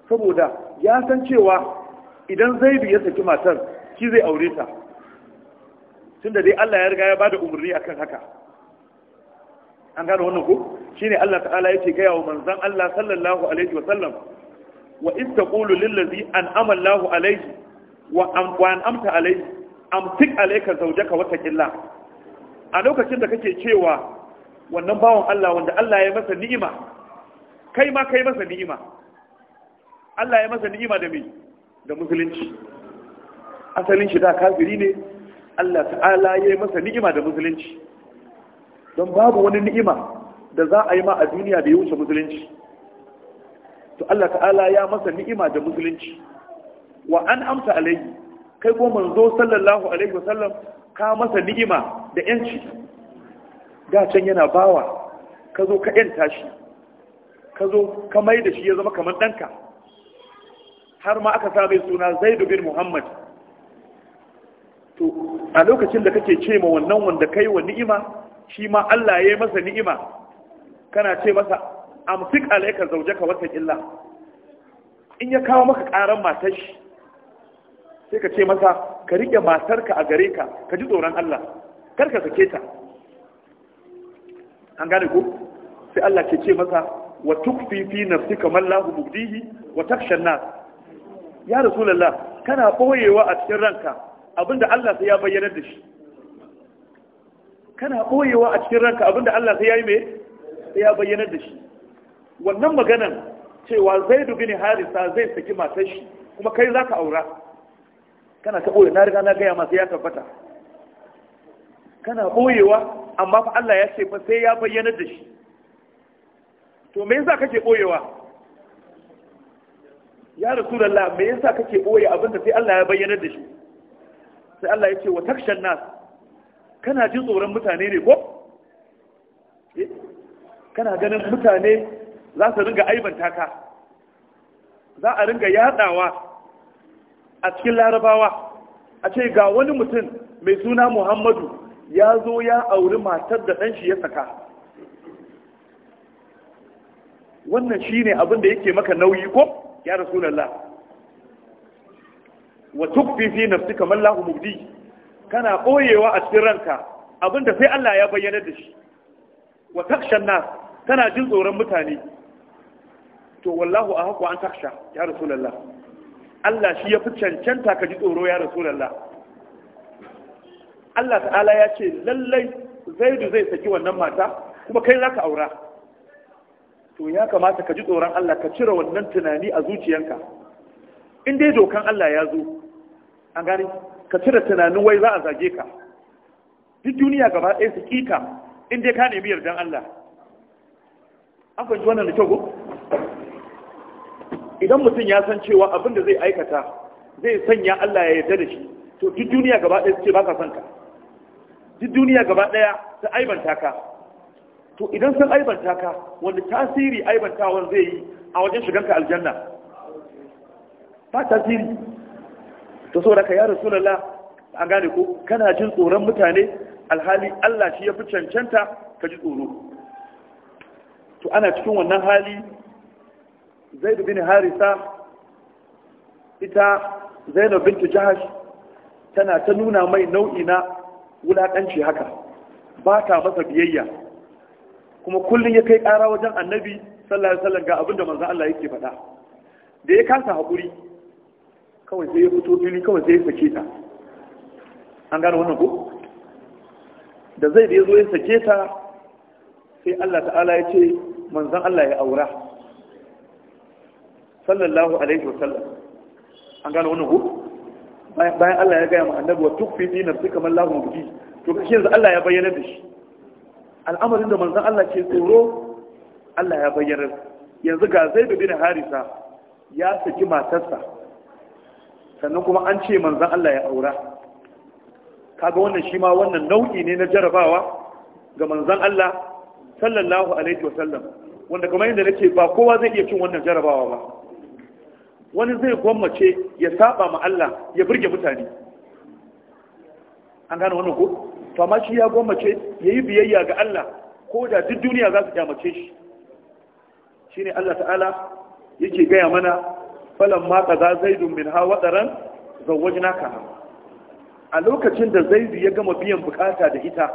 saboda ya san cewa idan zai ya saki matar shi zai aure ta tunda dai Allah ya riga ya bada umurni akan haka an gane wannan ku shine Allah ta'ala yake gaya wa manzon Allah sallallahu alaihi wa sallam wa in taqulu lil ladzi an'ama Allahu alaihi wa an wa an'amta alaihi tik alayka zawjaka wa taqilla a lokacin da kake cewa wannan bawon Allah wanda Allah ya masa ni'ima kai ma kai masa ni'ima Allah ya masa ni'ima da me da musulunci asalin shi da kafiri ne Allah ta'ala ya masa ni'ima da musulunci don babu wani ni'ima da za a yi ma a duniya da ya wuce musulunci to Allah ta'ala ya masa ni'ima da musulunci wa an amsa alayhi kai ko manzo sallallahu alaihi wasallam ka masa ni'ima da yanci da can yana bawa ka zo ka yanta shi ka zo ka mai da shi ya zama kamar ɗanka har ma aka sa suna zaidu bin muhammad to a lokacin da kake ce ma wannan wanda kai wa ni'ima shi ma Allah ya yi masa ni'ima kana ce masa amsik alaika zaujaka watan illa in ya kawo maka karan matar shi sai ka ce masa ka rike matarka a gare ka ka ji tsoron Allah kar ka sake ta an gane ku sai Allah ke ce masa wa tukfi fi nafsika man lahu mubdihi wa takshan nas ya rasulullah kana boyewa a cikin ranka abinda Allah sai ya bayyana da shi kana boyewa a cikin ranka abinda Allah sai ya yi mai. sai ya bayyanar da shi wannan maganan cewa zai bin harisa zai saki matar shi kuma kai za ka aura kana ta ɓoye na riga na gaya masu ya tabbata kana ɓoyewa amma fa Allah ya ce fa sai ya bayyanar da shi to me yasa kake ɓoyewa ya rasulullah me yasa kake ɓoye da sai Allah ya bayyanar da shi sai Allah ya ce wa takshan nas kana jin tsoron mutane ne ko kana ganin mutane za su ringa aibanta ka za a ringa yadawa a cikin larabawa a ce ga wani mutum mai suna muhammadu ya zo ya auri matar da ɗanshi ya saka wannan shi ne abinda da yake maka nauyi ko ya rasulallah wa tukfi fi nafsi kamar lahu kana ɓoyewa a cikin ranka abinda sai Allah ya bayyana da shi wa takshan nasu. kana jin tsoron mutane to wallahu a haku an taksha ya rasulallah Allah shi ya fi cancanta ka ji tsoro ya rasulallah Allah ta'ala ya ce lallai zaidu zai saki wannan mata kuma kai za ka aura to ya kamata ka ji tsoron Allah ka cire wannan tunani a zuciyanka in dai dokan Allah ya zo an gani ka cire tunanin wai za a zage ka duk duniya gaba ɗaya su kika in dai ka nemi yardan Allah an fahimci wannan da kyau ko idan mutum ya san cewa abin da zai aikata zai sanya Allah ya yarda da shi to duk duniya gaba ɗaya su ce ba ka son ka duk duniya gaba ɗaya ta aibanta ka to idan sun aibanta ka wanda tasiri aibantawan zai yi a wajen ka aljanna ba tasiri to saboda ka ya rasulullah an gane ko kana jin tsoron mutane alhali Allah shi ya fi cancanta ka ji tsoro to ana cikin wannan hali zaid bin harisa ita zainab bintu jahash tana ta nuna mai nau'i na wulaƙanci haka ba ta masa biyayya kuma kullum ya kai ƙara wajen annabi sallallahu alaihi wasallam ga abin da manzon Allah yake faɗa da ya kasa haƙuri kawai sai ya fito fili kawai sai ya sake ta an gano wannan ko da zai da ya zo ya sake ta sai Allah ta'ala ya ce manzan Allah ya aura sallallahu alaihi wasallam an gano wannan ku? bayan Allah ya gaya ma annabi wa tukfi fi nafsi kamar lahu mubdi to kashi yanzu Allah ya bayyana da shi al'amarin da manzan Allah ke tsoro Allah ya bayyana yanzu ga Zaid bin Harisa ya saki matarsa sannan kuma an ce manzan Allah ya aura kaga wannan shi ma wannan nau'i ne na jarabawa ga manzan Allah sallallahu alaihi wasallam wanda kamar yadda nake ba kowa zai iya cin wannan jarabawa ba wani zai gwammace ya saba ma Allah ya burge mutane an gane wannan ko to shi ya gwammace yi biyayya ga Allah ko da duk duniya za su kyamace shi ne Allah ta'ala yake gaya mana falan ma domin hawa min ha wadaran naka. a lokacin da zai ya gama biyan bukata da ita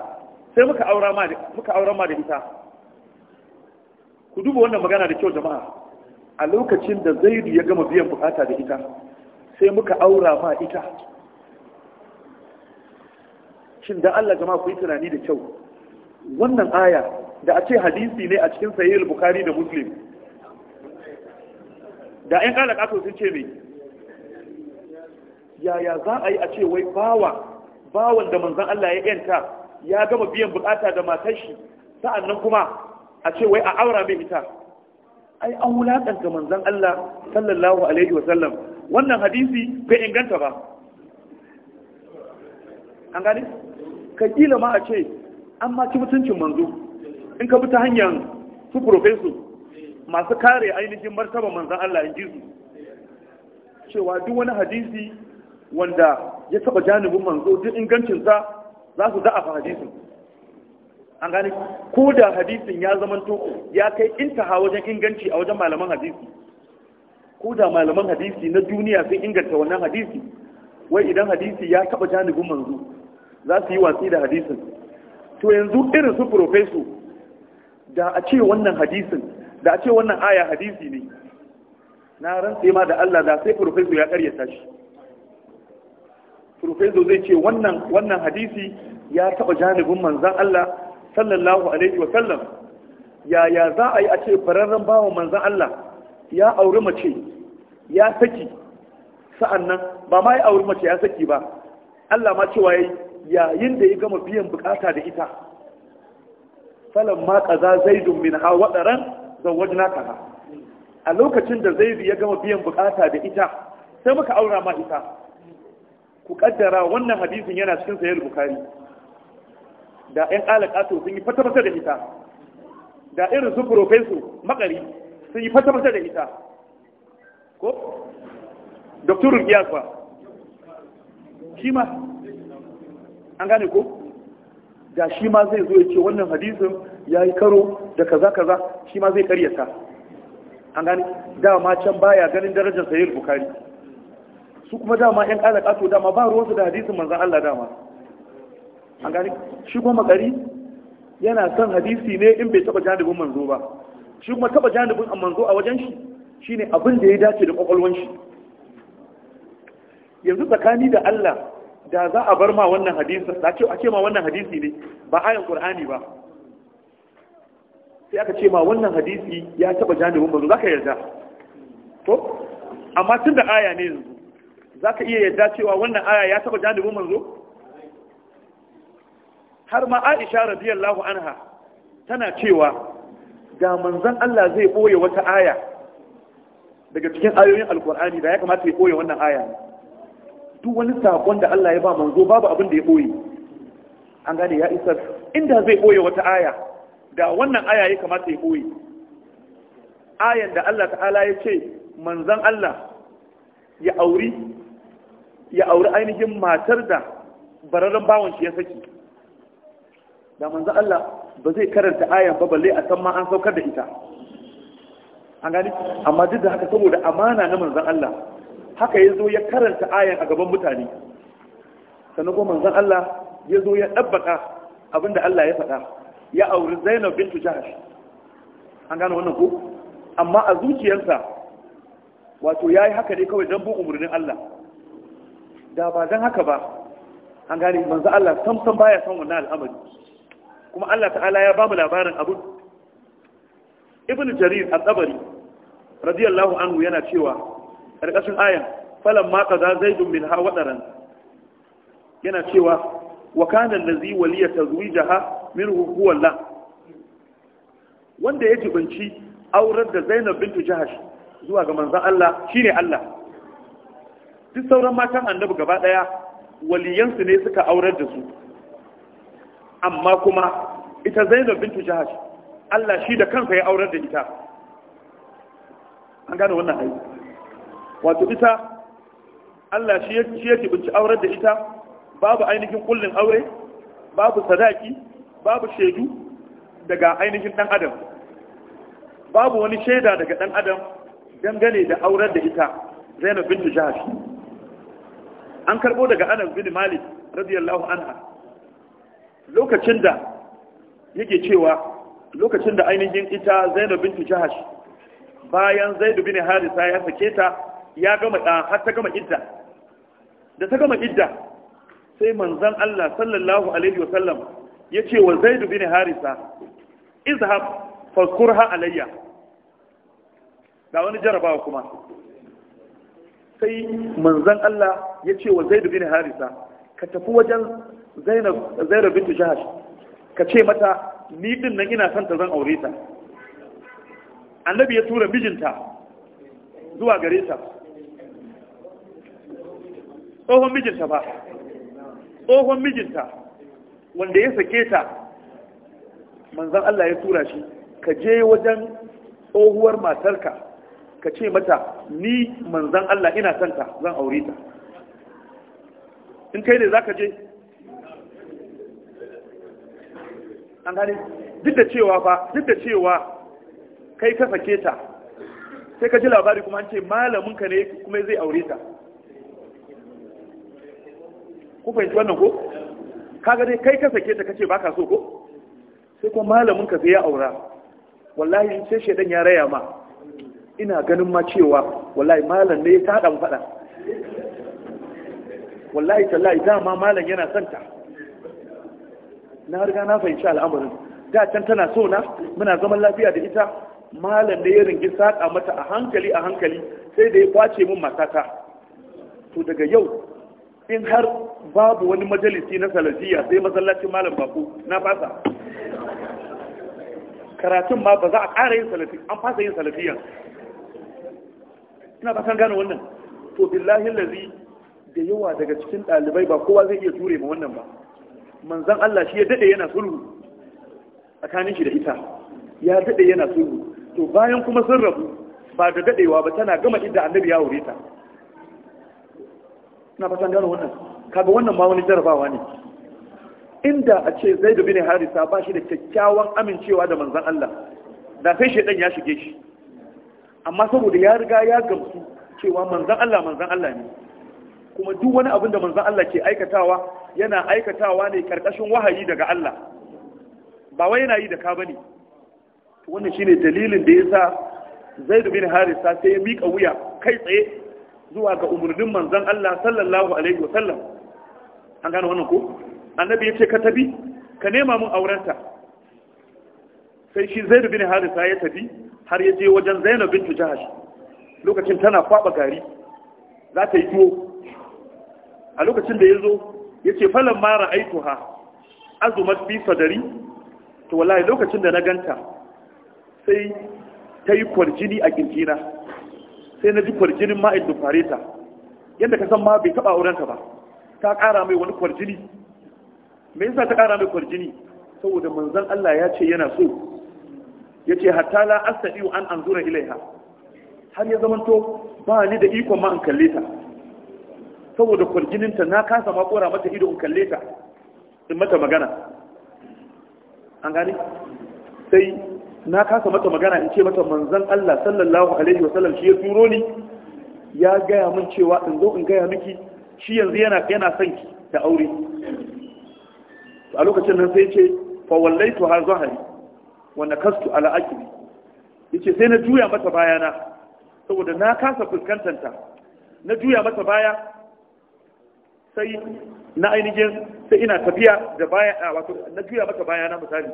sai muka aura ma da ita ku duba wannan magana da kyau jama'a a lokacin da zaidu ya gama biyan bukata da ita sai muka aura ma ita shin da Allah jama'a ku yi tunani da kyau wannan aya da a ce hadisi ne a cikin sahih bukhari da muslim da ƴan kalaka to sun ce me yaya za a yi a ce wai bawa bawan da manzan Allah ya yanta ya gama biyan bukata da matar shi sa'annan kuma a ce wai a aura mai ita ai an ga manzan Allah sallallahu alaihi wa sallam wannan hadisi bai inganta ba an gani? ka kila ma a ce an ma mutuncin manzo in ka bi ta hanyar su profeso masu kare ainihin martaba manzan Allah in jizu cewa duk wani hadisi wanda ya taɓa janibin manzo duk ingancinsa za su da'afa hadisin an gane ko da hadisin ya zamanto ya kai intaha wajen inganci a wajen malaman hadisi ko da malaman hadisi na duniya sun inganta wannan hadisi wai idan hadisi ya taba janibin manzo za su yi watsi da hadisin to yanzu irin su profeso da a ce wannan hadisin da a ce wannan aya hadisi ne na rantse ma da Allah da sai profeso ya karyata shi profeso zai ce wannan wannan hadisi ya taba janibin manzon Allah sallallahu alaihi wa yaya za a yi a ce fararren bawan manzan Allah ya auri mace ya saki Sa'an nan, ba ma ya auri mace ya saki ba Allah ma cewa yi yayin da ya gama biyan bukata da ita falan ma kaza zaidun min ha wadaran zawajna ka a lokacin da zai biya gama biyan bukata da ita sai muka aura ma ita ku kaddara wannan hadisin yana cikin sayar bukari da ƴan alaƙato sun yi fata-fata da ita da irin su profesu makari sun yi fata-fata da ita ko doktorin giyas ba shi ma an gane ko da shi ma zai zo ya ce wannan hadisin ya yi karo da kaza-kaza shi ma zai karyata an gane dama can baya ganin darajar sayar bukari su kuma dama 'yan ƙalaƙato dama ba ruwansu da hadisin manzan Allah dama A gani shi kuma makari yana son hadisi ne in bai taba janibin manzo ba shi kuma taba janibin manzo a wajen shi shine abin da ya dace da kwakwalwan shi yanzu tsakani da Allah da za a bar ma wannan hadisi da ce a ce ma wannan hadisi ne ba ayan qur'ani ba sai aka ce ma wannan hadisi ya taba janibin manzo zaka yarda to amma tun da aya ne yanzu zaka iya yarda cewa wannan aya ya taba janibin manzo har ma aisha radiyallahu anha tana cewa da manzon Allah zai boye wata aya daga cikin ayoyin alkur'ani da ya kamata ya boye wannan aya duk wani sakon da Allah ya ba manzo babu abin da ya boye an gane ya isa inda zai boye wata aya da wannan aya ya kamata ya boye ayan da Allah ta'ala ya ce manzon Allah ya auri ya auri ainihin matar da bararren bawon shi ya saki da manzo Allah ba zai karanta ayan ba balle a san ma an saukar da ita an gani amma duk da haka saboda amana na manzo Allah haka ya zo ya karanta ayan a gaban mutane sannan kuma manzo Allah ya zo ya ɗabbaka abinda Allah ya faɗa ya auri Zainab bintu Jahsh an gane wannan ko amma a zuciyarsa wato yayi haka ne kawai dan bin umurnin Allah da ba dan haka ba an gani manzo Allah sam sam baya son wannan al'amari kuma Allah ta'ala ya ba mu labarin abin ibn jarir al-tabari radiyallahu anhu yana cewa karkashin ayan falan ma zai zaidun min hawadaran yana cewa wa kana allazi waliya tazwijaha min huwa la wanda ya jibanci aurar da Zainab bintu Jihar zuwa ga manzon Allah shine Allah duk sauran matan annabi gaba daya waliyansu ne suka aurar da su amma kuma ita zainab bintu jahash Allah shi da kansa ya aurar da ita an gane wannan ayi wato ita Allah shi ya binci aurar da ita babu ainihin kullin aure babu sadaki babu shaidu daga ainihin dan adam babu wani shaida daga dan adam dangane da aurar da ita Zainab bintu Jahash an karbo daga Anas bin Malik radiyallahu anha lokacin da yake cewa lokacin da ainihin ita zainab binti jahash bayan zaidu bin harisa ya sake ta ya gama da har ta gama idda da ta gama idda sai manzon Allah sallallahu alaihi wasallam ya ce wa zaidu bin harisa izhab fazkurha alayya da wani jarabawa kuma sai manzon Allah ya ce wa zaidu bin harisa ka tafi wajen zainab zainab binti jahash ka ce mata ni din nan ina son ta zan aure ta annabi ya tura mijinta zuwa gare ta tsohon mijinta ba tsohon mijinta wanda ya sake ta manzan Allah ya tura shi ka je wajen tsohuwar matarka ka ce mata ni manzan Allah ina son ta zan aure ta in kai ne za ka je an gane duk da cewa ba duk da cewa kai ka sake ta sai ka ji labari kuma an ce malamin ka ne kuma zai aure ta ku fahimci wannan ko kaga dai kai ka sake ta kace baka so ko sai kuma malamin ka sai ya aura wallahi sai shedan ya raya ma ina ganin ma cewa wallahi malam ne ya tada mu fada wallahi tallahi dama malam yana santa na riga na fahimci al'amarin da can tana so na muna zaman lafiya da ita malam da ya ringi saƙa mata a hankali a hankali sai da ya kwace min matata to daga yau in har babu wani majalisi na salafiya sai masallacin malam bako na fasa karatun ma ba za a ƙara yin salafi an fasa yin salafiya ina ba san gane wannan to billahi lazi da yawa daga cikin ɗalibai ba kowa zai iya ture ma wannan ba manzan Allah shi ya dade yana sulhu tsakanin shi da ita ya dade yana sulhu to bayan kuma sun rabu ba da dadewa ba tana gama idda annabi ya wuri ta na fatan gano wannan kaga wannan ma wani jarabawa ne inda a ce zaidu bin harisa ba shi da kyakkyawan amincewa da manzan Allah da sai shaidan ya shige shi amma saboda ya riga ya gamsu cewa manzan Allah manzan Allah ne kuma duk wani abin da manzan Allah ke aikatawa yana aikatawa ne karkashin wahayi daga Allah ba wai yana yi da ka bane wannan shine dalilin da yasa Zaid bin Harisa sai ya mika wuya kai tsaye zuwa ga umurnin manzan Allah sallallahu alaihi wa sallam an gane wannan ko annabi ya ce ka tabi ka nema mun aurenta sai shi Zaid bin Harisa ya tafi har ya je wajen Zainab bint Jahash lokacin tana faɓa gari za ta yi tuwo a lokacin da ya zo ya ce falon mara ha azumar bi sadari to wallahi lokacin da na ganta sai ta yi kwarjini a kirjina sai na ji kwarjinin ma'in dufare ta yadda ka san ma bai taɓa aurenka ba ta ƙara mai wani kwarjini me yasa ta ƙara mai kwarjini saboda manzon Allah ya ce yana so ya ce hatta la astadiu an anzura ilaiha har ya zamanto ba ni da ikon ma in kalle ta saboda kwarjininta na kasa makora mata ido in kalle ta in mata magana an gani sai na kasa mata magana in ce mata manzan Allah sallallahu alaihi wa sallam shi ya turo ni ya gaya min cewa in zo in gaya miki shi yanzu yana yana son ki da aure a lokacin nan sai ce fa wallaitu har zahari wa nakastu ala aqibi yace sai na juya mata bayana saboda na kasa fuskantanta na juya mata baya sai na ainihin sai ina tafiya da baya a wato na juya maka baya na misali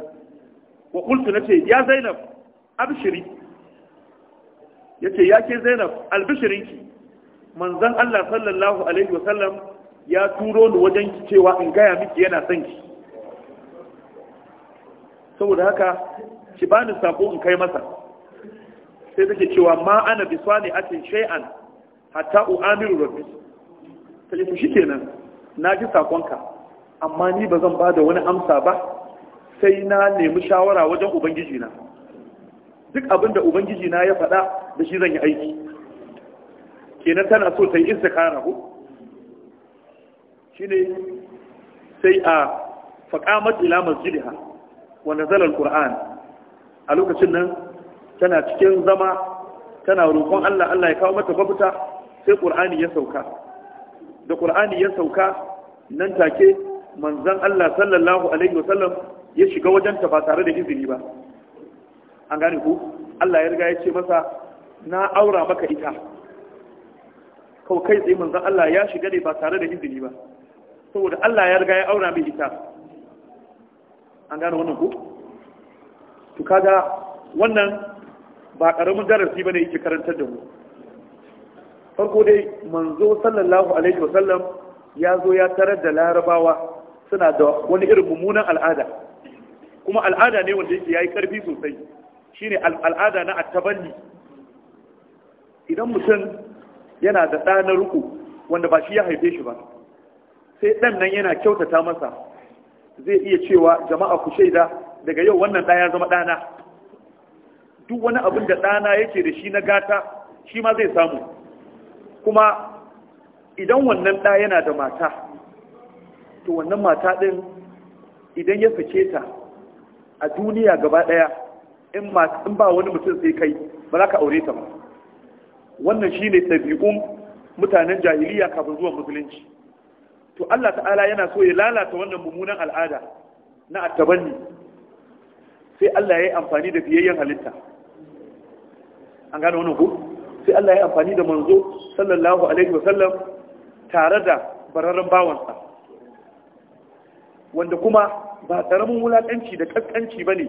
wa qultu nace ya zainab abshiri yace ya ke zainab albishirinki manzon Allah sallallahu alaihi wa sallam ya turo ni wajen ki cewa in gaya miki yana son ki saboda haka ki bani sako in kai masa sai take cewa ma ana biswani atin shay'an hatta u'amiru rabbi sai shi kenan na ji sakonka amma ni ba zan ba da wani amsa ba sai na nemi shawara wajen ubangiji na duk abin da ubangiji na ya faɗa da shi zan yi aiki kenan tana so ta yi istikara ko ne sai a faƙamat ila masjidiha wanda zalar alquran a lokacin nan tana cikin zama tana roƙon Allah Allah ya kawo mata babuta sai ƙur'ani ya sauka da qur'ani ya sauka nan take manzon Allah sallallahu alaihi wasallam ya shiga wajen ta ba tare da izini ba an gane ku Allah ya riga ya ce masa na aura maka ita kawai kai tsaye manzon Allah ya shiga ne ba tare da izini ba saboda Allah ya riga ya aura mai ita an gane wannan ku to kaga wannan ba karamin darasi bane yake karantar da mu farko dai manzo sallallahu alaihi wasallam ya zo ya tarar da larabawa suna da wani irin mummunan al'ada kuma al'ada ne wanda yake yayi karfi sosai shine al'ada na attabanni idan mutum yana da ɗa ruku wanda ba shi ya haife shi ba sai ɗan nan yana kyautata masa zai iya cewa jama'a ku shaida daga yau wannan ɗaya zama ɗana duk wani abin da ɗana yake da shi na gata shi ma zai samu kuma idan wannan ɗa yana da mata to wannan mata ɗin idan ya fice ta a duniya gaba ɗaya in ba wani mutum sai kai ba za ka aure ta ba wannan shi ne ɗabi'un mutanen jahiliya kafin zuwa musulunci to Allah ta'ala yana so ya lalata wannan mummunan al'ada na attabanni sai Allah ya yi amfani da biyayyen halitta an gane wannan ku sai Allah ya amfani da manzo sallallahu alaihi wasallam tare da bararren bawansa wanda kuma ba karamin wulakanci da ƙasƙanci ba ne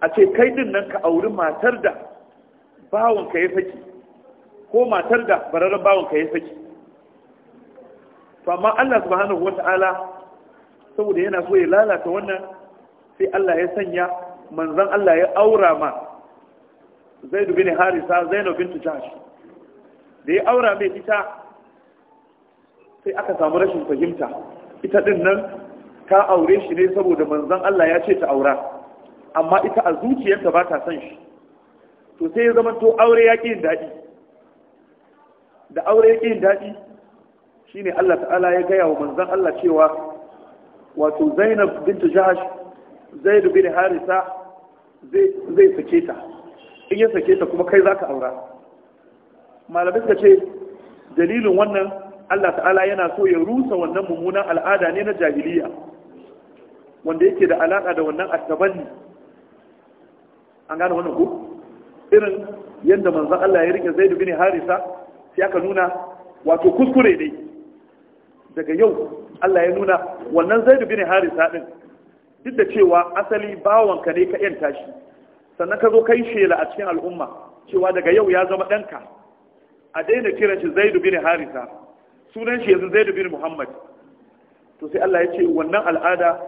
a ce kai din nan ka auri matar da bawanka ya saki ko matar da bararren bawanka ya saki to amma Allah subhanahu wata'ala saboda yana so ya lalata wannan sai Allah ya sanya manzon Allah ya aura ma zaid bin harisa zainab bint jahsh da ya aura mai ita sai aka samu rashin fahimta ita din nan ta aure shi ne saboda manzon Allah ya ce ta aura amma ita a zuciyarta ba ta son shi to sai ya zama to aure ya ƙi yin daɗi da aure ya ƙi yin daɗi shine Allah ta'ala ya gaya wa manzon Allah cewa wato Zainab Binta Jahash Zaid bin Harisa zai fice ta in ya sake ta kuma kai za ka aura malamai suka ce dalilin wannan Allah ta'ala yana so ya rusa wannan mummunan al'ada ne na jahiliya wanda yake da alaƙa da wannan ne. an gane wannan ku irin yadda manzan Allah ya rike zai dubi ne harisa sai aka nuna wato kuskure ne daga yau Allah ya nuna wannan zai dubi ne harisa din duk da cewa asali bawanka ne ka yanta shi sannan ka zo kai shela a cikin al'umma cewa daga yau ya zama ɗanka a daina kiran shi zaidu bin harisa sunan shi yanzu zaidu bin muhammad to sai Allah ya ce wannan al'ada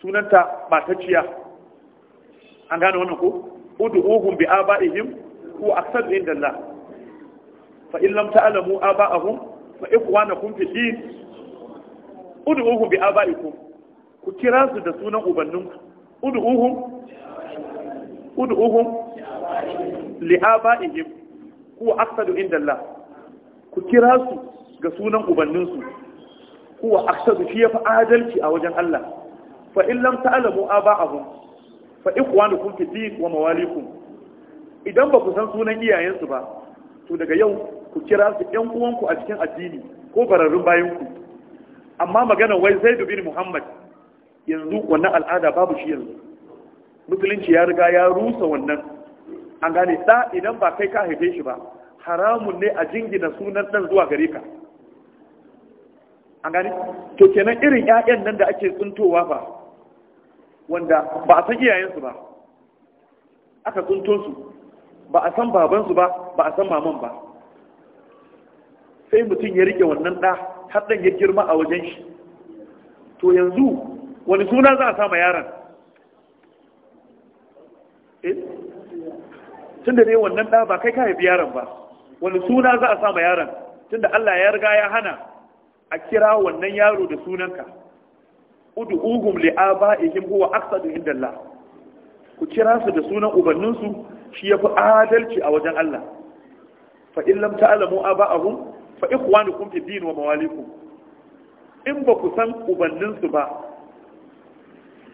sunanta matacciya an gane wannan ko ud'uhum bi aba'ihim wa aksad inda Allah fa in lam ta'lamu aba'ahum fa ikhwanakum fi din ud'uhum bi aba'ikum ku kira su da sunan ubanninku ud'uhum ud'uhum li'aba'ihim ku aqsadu inda Allah ku kira su ga sunan ubanninsu huwa aqsadu shi yafi adalci a wajen Allah fa in lam ta'lamu aba'ahum fa ikhwanukum fi din wa mawalikum idan ba ku san sunan iyayensu ba to daga yau ku kira su ƴan uwanku a cikin addini ko bararrun bayanku amma maganar wai Zaid bin Muhammad yanzu wannan al'ada babu shi yanzu musulunci ya riga ya rusa wannan an gane da idan ba kai ka haife shi ba haramun ne a jingina sunan ɗan zuwa gare ka an gane to kenan irin 'ya'yan nan da ake tsuntowa ba wanda ba a san iyayensu ba aka tsunto su ba a san babansu ba ba a san maman ba sai mutum ya rike wannan ɗa har ɗan ya girma a wajen shi to yanzu wani suna za a sama yaron Eh? tun da dai wannan ɗa ba kai ka biyaran yaron ba wani suna za a sama yaron tun da Allah ya riga ya hana a kira wannan yaro da sunanka Udu ud'uhum li'aba'ihim huwa aqsadu Allah ku kira su da sunan ubanninsu shi yafi adalci a wajen Allah fa in lam ta'lamu aba'ahum fa ikhwanukum fi din wa mawalikum in ba ku san ubanninsu ba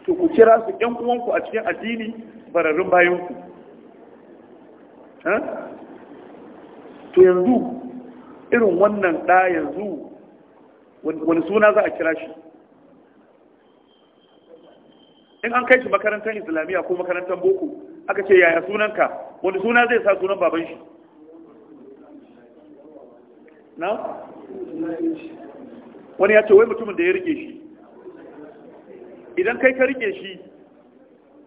to ku kira su ƴan uwanku a cikin addini bararrun bayanku to yanzu irin wannan ɗa yanzu wani suna za a kira shi in an kai shi makarantar islamiyya ko makarantar boko aka ce yaya sunanka wani suna zai sa sunan baban shi na? wani ya ce wai mutumin da ya rike shi idan kai ka rike shi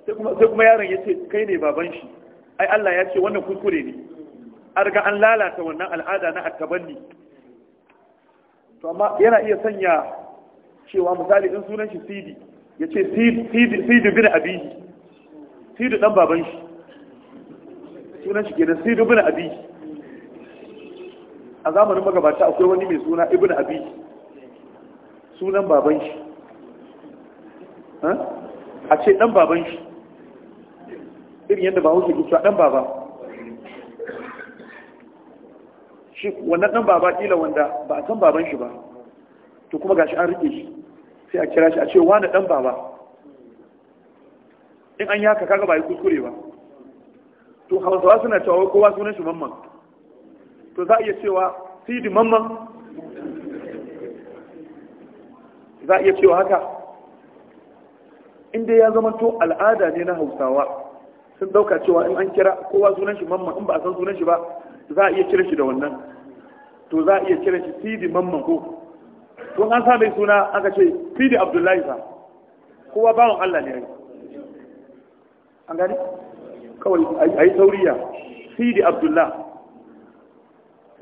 sai kuma yaron ya ce kai ne baban shi ai Allah ya ce wannan kuskure ne an daga an lalata wannan al'ada na attabanni to amma yana iya sanya cewa misali in sunan shi sidi ya ce sidi bin abi sidi dan baban shi sunan shi kenan sidi bin abi a zamanin magabata akwai wani mai suna ibn abi sunan baban shi a ce dan baban shi irin yadda ba wuce kusa dan baba shi wannan dan baba ƙila wanda ba a san baban shi ba to kuma gashi an rike shi sai a kira shi a ce wani dan baba in an yi haka kaga ba yi kuskure ba to hausawa suna cewa kowa sunan shi mamman to za a iya cewa sidi mamman za a iya cewa haka inda ya zama to al'ada ne na hausawa sun dauka cewa in an kira kowa sunan shi mamman in ba a san sunan shi ba za a iya kira shi da wannan to za a iya kira shi sidi mamman ko to an sa mai suna aka ce sidi abdullahi sa kowa bawan Allah ne an gani kawai a yi sauriya sidi abdullah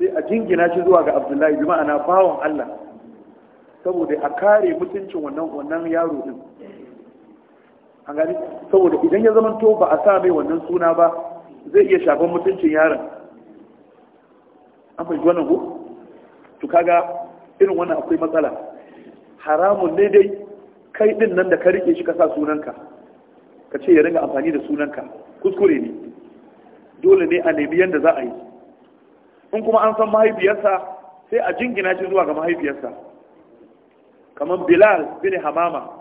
sai a jingina shi zuwa ga abdullahi bi ma'ana bawan Allah saboda a kare mutuncin wannan wannan yaro din an gani saboda idan ya zamanto ba a sa mai wannan suna ba zai iya shafan mutuncin yaron an fahimci wannan ko to kaga irin wannan akwai matsala haramun ne dai kai din nan da ka rike shi ka sa sunanka ka ce ya ringa amfani da sunanka kuskure ne dole ne a nemi yadda za a yi in kuma an san mahaifiyarsa sai a jingina shi zuwa ga mahaifiyarsa kamar bilal bin hamama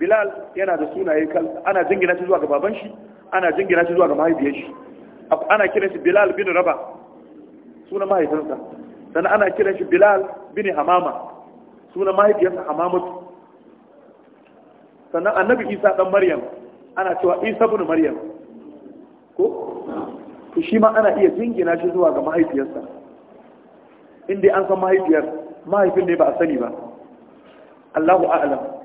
bilal yana da sunaye ana jingina shi zuwa ga baban shi ana jingina shi zuwa ga mahaifiyar shi ana kiran shi bilal bin raba sunan mahaifinsa sannan ana kiran shi bilal bin hamama sunan mahaifiyarsa hamamatu sannan annabi isa dan maryam ana cewa isa bin maryam ko to shi ma ana iya jingina shi zuwa ga mahaifiyarsa dai an san mahaifiyar mahaifin ne ba a sani ba Allahu a'lam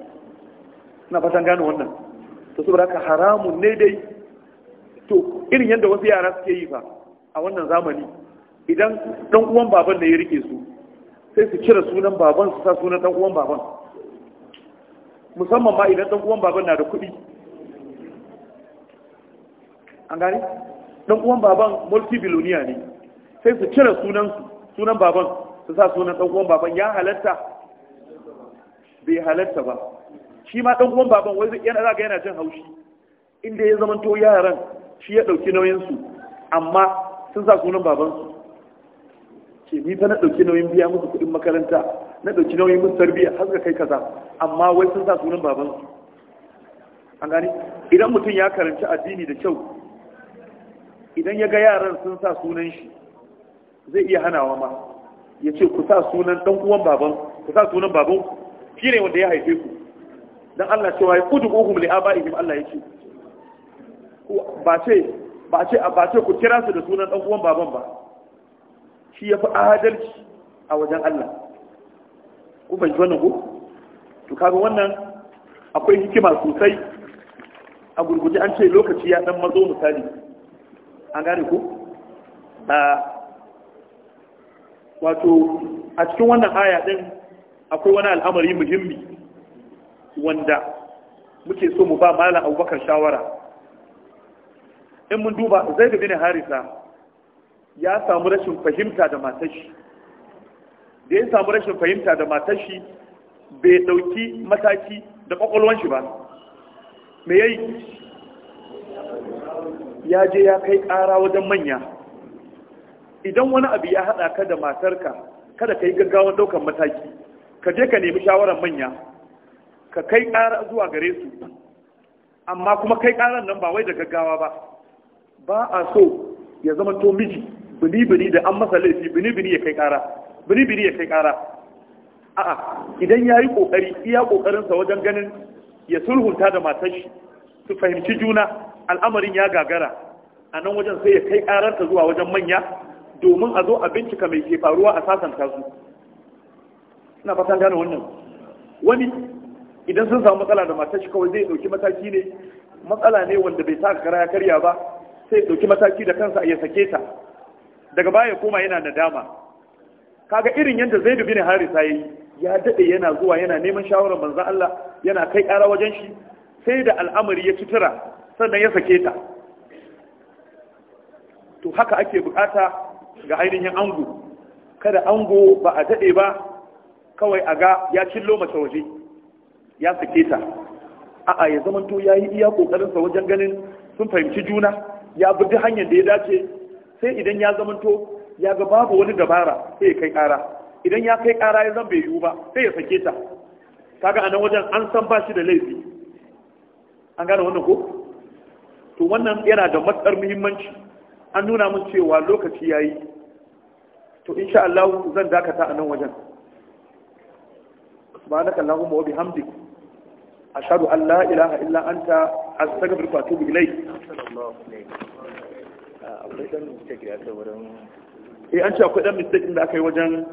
na fatan gane wannan to su haka haramun ne dai to irin yadda wasu yara suke yi fa a wannan zamani idan dan uwan baban ne ya rike su sai su cire sunan baban su sa sunan dan uwan baban musamman ma idan dan uwan baban na da kuɗi an gane dan uwan baban multi biloniya ne sai su cire sunan sunan baban su sa sunan dan uwan baban ya halatta bai halatta ba shi ma dan uwan baban wai yana za ga yana jin haushi inda ya zamanto yaran shi ya dauki nauyin su amma sun sa sunan baban su ce ni fa na dauki nauyin biya musu kuɗin makaranta na dauki nauyin musu tarbiyya har ga kai kaza amma wai sun sa sunan baban su an gani idan mutum ya karanci addini da kyau idan ya ga yaran sun sa sunan shi zai iya hanawa ma ya ce ku sa sunan dan uwan baban ku sa sunan baban shi ne wanda ya haife ku dan Allah cewa ya ud'uhum li abaihim Allah yake ba ce ba ce ba ce ku kira su da sunan dan uwan baban ba shi yafi adalci a wajen Allah ku ban wannan ku to kaga wannan akwai hikima sosai a gurguje an ce lokaci ya dan mazo misali an gane ku wato a cikin wannan aya din akwai wani al'amari muhimmi wanda muke so mu ba malam abubakar shawara in mun duba zai da ne harisa ya samu rashin fahimta da matashi da ya samu rashin fahimta da matashi bai dauki mataki da kwakwalwan shi ba me yayi ya je ya kai kara wajen manya idan wani abu ya hada ka da matarka kada ka yi gaggawan daukan mataki ka je ka nemi shawarar manya ka kai ƙara zuwa gare su amma kuma kai ƙaran nan ba wai da gaggawa ba ba a so ya zama to miji bini-bini da an masa laifi bini-bini ya kai ƙara bini-bini ya kai ƙara a'a idan ya yi ƙoƙari iya ƙoƙarinsa wajen ganin ya sulhunta da matar shi su fahimci juna al'amarin ya gagara a nan wajen sai ya kai ƙararta zuwa wajen manya domin a zo a bincika mai ke faruwa a sasanta su ina fatan gane wannan wani idan sun samu matsala da mata shi kawai zai dauki mataki ne matsala ne wanda bai sa kara ya karya ba sai dauki mataki da kansa ya sake ta daga baya koma yana nadama kaga irin yadda dubi ne harisa yayi ya dade yana zuwa yana neman shawarar manzo Allah yana kai kara wajen shi sai da al'amari ya cutura sannan ya sake ta to haka ake bukata ga ainihin ango kada ango ba a dade ba kawai a ga ya cillo mace waje ya sake ta a'a ya zama to yayi iya sa wajen ganin sun fahimci juna ya bi hanyar da ya dace sai idan ya zamanto ya ga babu wani dabara sai ya kai ƙara idan ya kai ƙara ya zan bai yiwu ba sai ya sake ta kaga a nan wajen an san ba shi da laifi an gane wannan ko to wannan yana da matsar muhimmanci an nuna min cewa lokaci ya yi to insha Allah zan dakata a nan wajen subhanaka Allahumma wa bihamdika ashhadu an la ilaha illa anta astaghfiruka wa atubu ilayk akwai dan mistake ya eh an ce akwai dan mistake da aka yi wajen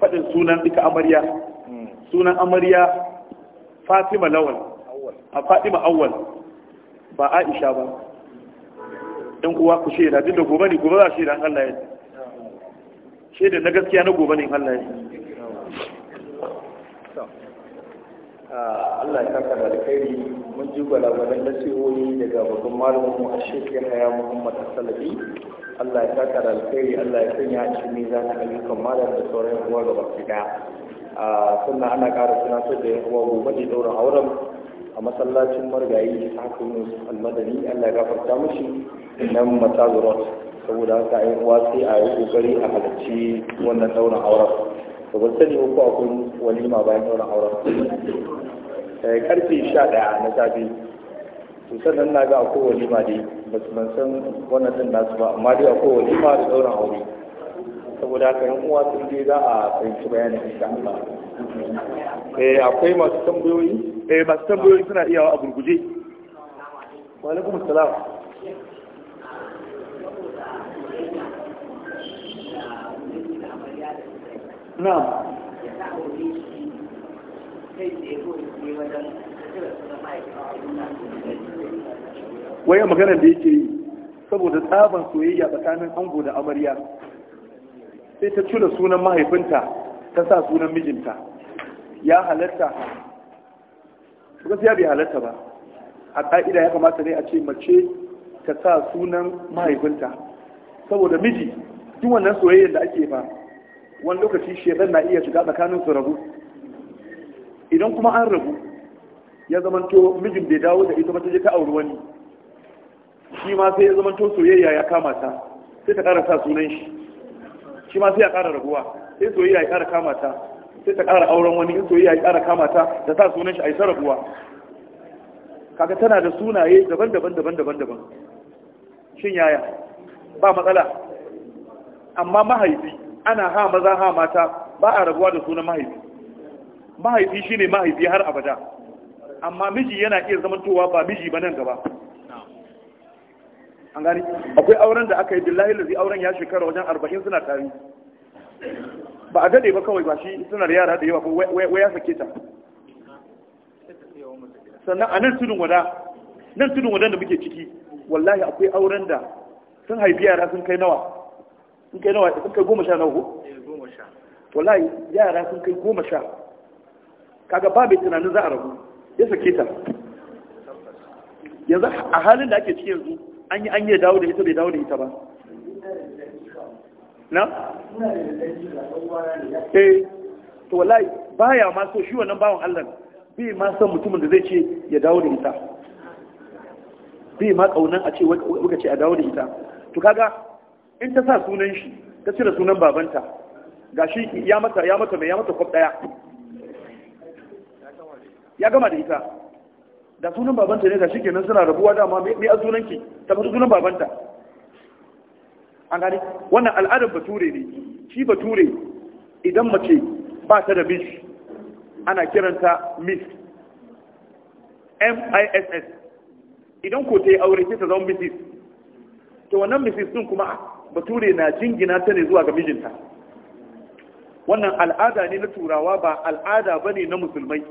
fadin sunan dika amarya sunan amarya Fatima Lawal a Fatima Awwal ba Aisha ba dan uwa ku da, duk da gobe ne gobe za shaida Allah ya shaida na gaskiya na gobe ne Allah ya Allah ya saka da alkhairi mun ji gwalagwalan nasihohi daga babban malamin mu Sheikh haya Muhammad Asalabi Allah ya saka da alkhairi Allah ya sanya shi ne za ta ayyukan malam da sauran uwa gaba daya sannan ana ƙara tunatar da yan uwa gobe da ɗaurin auren a masallacin margayi ta hakimin almadani Allah ya gafarta mushi nan matazurot saboda haka yan uwa sai a yi kokari a halarci wannan daurin auren to ba sani ko akwai wani ma bayan ɗaurin auren karfe eh, sha na safe to sannan na ga akwai walima dai ba su ban san wannan ɗin nasu ba amma dai akwai wani ma da ɗaurin aure saboda haka yan uwa sun je za a fahimci bayanin insha Allah eh akwai masu tambayoyi eh masu tambayoyi suna iyawa a gurguje wa alaikum assalam na'am waya magana da yake yi saboda tsaban soyayya tsakanin ango da amarya sai ta cire sunan mahaifinta ta sa sunan mijinta ya halatta gaskiya bai halatta ba a ƙa'ida ya kamata ne a ce mace ta sa sunan mahaifinta saboda miji duk wannan soyayyar da ake ba wani lokaci shekar na iya shiga tsakanin su rabu idan kuma an rabu ya zamanto mijin bai dawo da ita ba ta je ta auri wani shi ma sai ya zamanto soyayya ya kama ta sai ta ƙara sa sunan shi shi ma sai ya ƙara raguwa sai soyayya ya ƙara kama ta sai ta ƙara auren wani in soyayya ya ƙara kama ta da sa sunan shi a yi ta raguwa kaga tana da sunaye daban-daban daban-daban daban shin yaya ba matsala amma mahaifi ana ha maza ha mata ba a rabuwa da sunan mahaifi mahaifi shine mahaifi har abada amma miji yana iya zamantowa ba miji ba nan gaba an gani akwai auren da aka yi billahi lazi auren ya shekara wajen arba'in suna tare ba a dade ba kawai ba shi suna da yara da yawa ko wai ya sake ta sannan a nan tudun wada nan tudun wadan da muke ciki wallahi akwai auren da sun haifi yara sun kai nawa sun kai nawa sun kai goma sha nawa ko eh, wallahi yara sun kai goma sha kaga ba mai tunanin za a rabu ya sake ta yanzu a halin da ake ciki yanzu an yi an yi dawo da ita bai dawo da ita ba na? eh to wallahi baya ma so shi wannan bawan Allah bai ma san mutumin da zai ce ya dawo da ita bai ma kaunan a ce waka ce a dawo da ita to kaga in ta sa sunan shi ta cire sunan babanta ga shi ya mata ya mata mai ya mata kwab daya ya gama da ita da sunan babanta ne ga shi kenan suna rabuwa dama mai a sunanki ta fata sunan babanta an gani wannan al'adar bature ne shi bature idan mace ba ta da miss ana kiranta miss m-i-s-s idan ko ta yi aure ta zama mrs to wannan mrs din kuma bature na jingina ta ne zuwa ga mijinta wannan al'ada ne na turawa ba al'ada ba ne na musulmai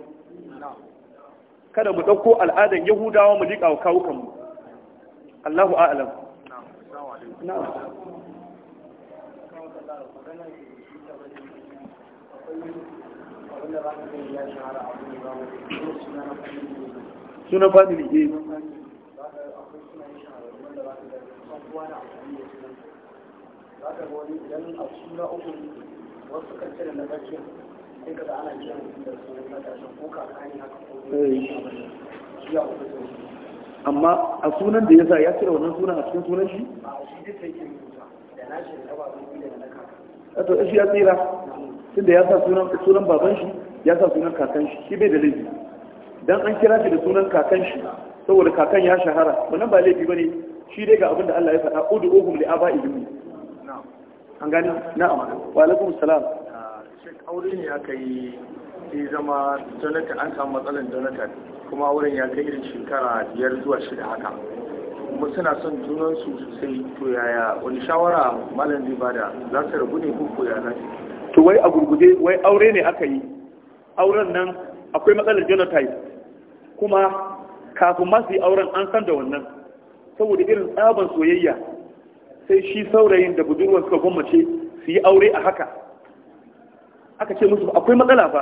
kada mu ɗauko al'adan yahudawa mu liƙa wa kawukanmu allahu a'alam sunan family ne eh. za wani idan a suna uku wasu kan cire na ƙarshen sai ka ana kiran da sunan na ƙarshen ko kaka ne haka ko eh. shi ya uku amma a sunan da ya sa ya cire wannan sunan a cikin sunan shi a shi duk sai ke rubuta da na shi da ba zai da na kaka to shi ya tsira tunda ya sa sunan sunan baban shi ya sa sunan kakan shi shi bai da laifi dan an kira shi da sunan kakan shi saboda kakan ya shahara wannan ba laifi ba ne shi dai ga abin da Allah ya faɗa ud'uhum li abaihim an gani na'am wa alaikum salam ah, aure ne aka yi sai zama jonathan an samu matsalar jonathan kuma auren ya kai irin shekara biyar zuwa shida haka kuma suna son junansu sosai to yaya wani shawara malam zai bada za su rabu ne ko ya za to wai a gurguje wai aure ne aka yi auren nan akwai matsalar genotype, kuma kafin masu yi auren an san da wannan saboda irin tsaban soyayya sai shi saurayin da budurwar suka gwammace su yi aure a haka aka ce musu akwai matsala fa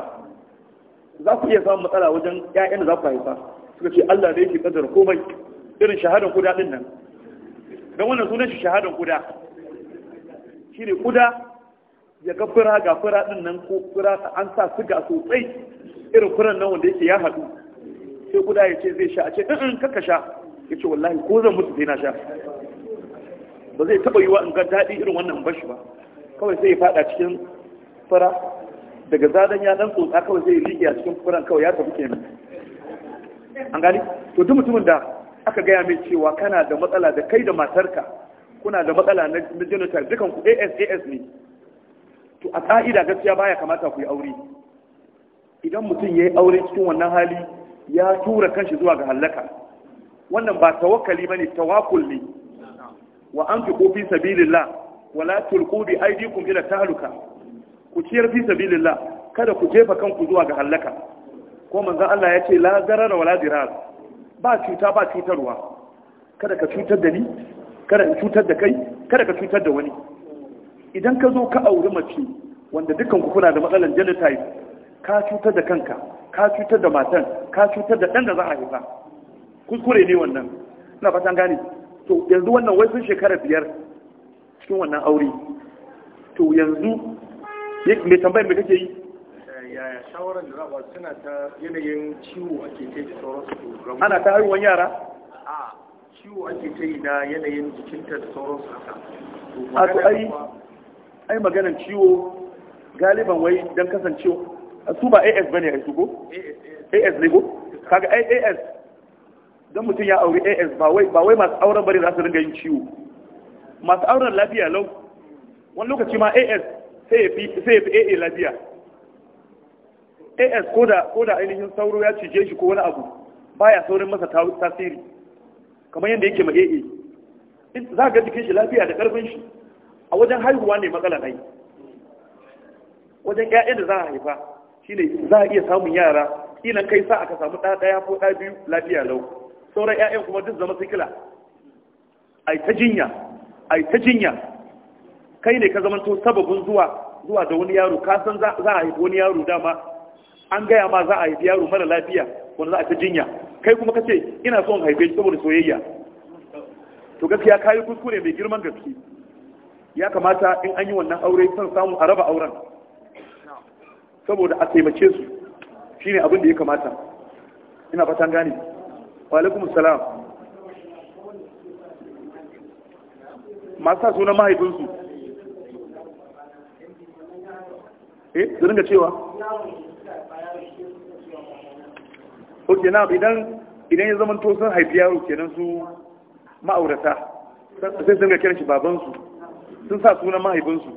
za ku iya samun matsala wajen 'ya'yan da za ku haifa suka ce Allah da yake kadar komai irin shahadan kuda din nan don wannan sunan shi shahadan kuda shi ne kuda ya ga fura ga fura din nan ko fura an sa siga sosai irin furan nan wanda yake ya haɗu sai kuda ya ce zai sha a ce in kakka sha ya ce wallahi ko zan mutu sai na sha ba zai taba wa in ga daɗi irin wannan bashi ba kawai sai ya fada cikin fara daga zadan ya dan tsotsa kawai sai ya a cikin furan kawai ya tafi kenan an gani to duk mutumin da aka gaya mai cewa kana da matsala da kai da matarka kuna da matsala na genotype dukan ku ASAS ne to a ka'ida gaskiya baya kamata ku yi aure idan mutum ya yi aure cikin wannan hali ya tura kanshi zuwa ga hallaka wannan ba tawakkali bane tawakul ne wa an fi sabilillah wala la tulqu bi aydikum ila tahluka ku ciyar fi sabilillah kada ku jefa kanku zuwa ga halaka ko manzo Allah ya ce la zarara wala dirar ba cuta ba cutarwa kada ka cutar da ni kada ka cutar da kai kada ka cutar da wani idan ka zo ka auri mace wanda dukan ku kuna da matsalan genotype ka cutar da kanka ka cutar da matan ka cutar da dan da za a haifa kuskure ne wannan ina fatan gane to yanzu wannan wai sun shekara biyar cikin wannan aure to yanzu mai tambayi mai kake yi yaya shawarar da raba suna ta yanayin ciwo ake kai da sauransu ana ta haihuwan yara a ciwo ake kai na yanayin jikinta da sauransu a to ai ai maganan ciwo galiban wai don kasancewa su ba as bane ai su ko as ne ko kaga as don mutum ya auri as ba wai masu auren bari za su ringa yin ciwo masu auren lafiya lau wani lokaci ma as sai ya fi aa lafiya as ko da ainihin sauro ya cije shi ko wani abu baya saurin masa tasiri kamar yadda yake ma aa za ga jikin shi lafiya da karfin shi a wajen haihuwa ne matsala nai wajen 'ya'yan da za a haifa shine za a iya samun yara ilan kai sa aka samu ɗaya ko ɗaya biyu lafiya lau sauran 'ya'yan kuma duk zama sikila ai ta jinya ai ta jinya kai ne ka zama to sababin zuwa zuwa da wani yaro ka san za a haifi wani yaro dama an gaya ma za a haifi yaro mara lafiya wanda za a ta jinya kai kuma ka ce ina son haife shi saboda soyayya to gaskiya kayi kuskure mai girman gaske ya kamata in an yi wannan aure son samu a raba auren saboda a taimake su shine abin da ya kamata ina fatan gane walaikum salam masu sa sunan mahaifinsu eh su ringa cewa ok na idan idan ya zaman to sun haifi yaro kenan su ma'aurata sai sun ga kiran babansu sun sa sunan mahaifinsu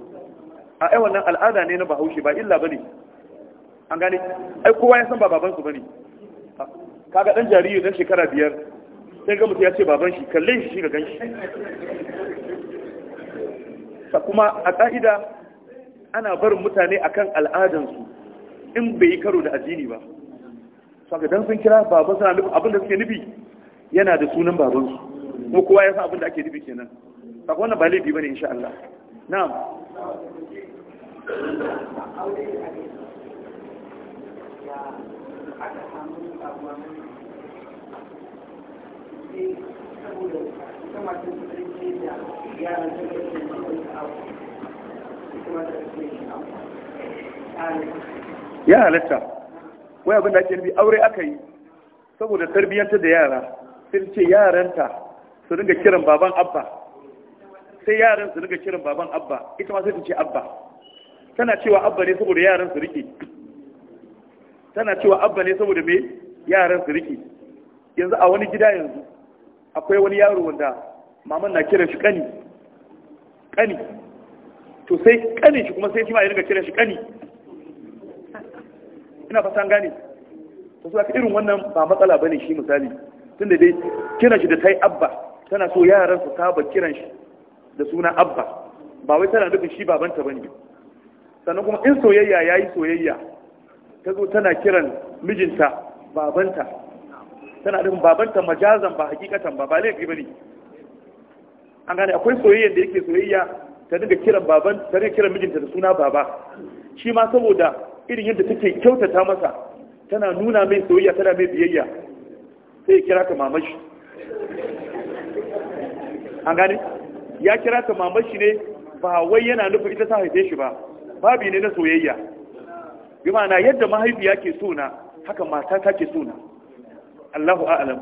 a ai wannan al'ada ne na bahaushe ba illa ne an gane ai kowa ya san ba babansu ne kaga dan jariri dan shekara biyar sai ga mutu ya ce baban shi kalle shi shi ga ganshi ta kuma a ƙa'ida ana barin mutane akan al'adansu in bai yi karo da addini ba saka dan sun kira baban suna nufin abin da suke nufi yana da sunan babansu kuma kowa ya san abin da ake nufi kenan saka wannan ba laifi bane insha Allah na'am Thank you. aka samu sabuwa sai eh, saboda ita ce da wani abu ita ya halatta wai abin da ake nufi aure aka yi saboda tarbiyyanta da yara sai ce yaranta su dinga kiran baban abba sai yaran su dinga kiran baban abba ita ma sai ta ce abba tana cewa abba ne saboda yaran su rike tana cewa abba ne saboda me yaran su riki yanzu a wani gida yanzu akwai wani yaro wanda maman na kira shi kani kani to sai kani shi kuma sai shi ma ya riga kira shi kani ina fatan gane to su aka irin wannan ba matsala bane shi misali tunda dai kira shi da tai abba tana so yaran su saba kiran shi da suna abba ba wai tana nufin shi babanta bane sannan kuma in soyayya yayi soyayya ta zo tana kiran mijinta babanta tana da babanta majazan ba hakikatan ba ba laifi ba ne an gane akwai soyayyar da yake soyayya ta dinga kiran baban ta dinga kiran mijinta da suna baba shi ma saboda irin yadda take kyautata masa tana nuna mai soyayya tana mai biyayya sai ya kira ta mamashi an gane ya kira ta mamashi ne ba wai yana nufin ita ta haife shi ba babi ne na soyayya bi ma'ana yadda mahaifiya ke so na haka mata ta ke so na Allahu a'lam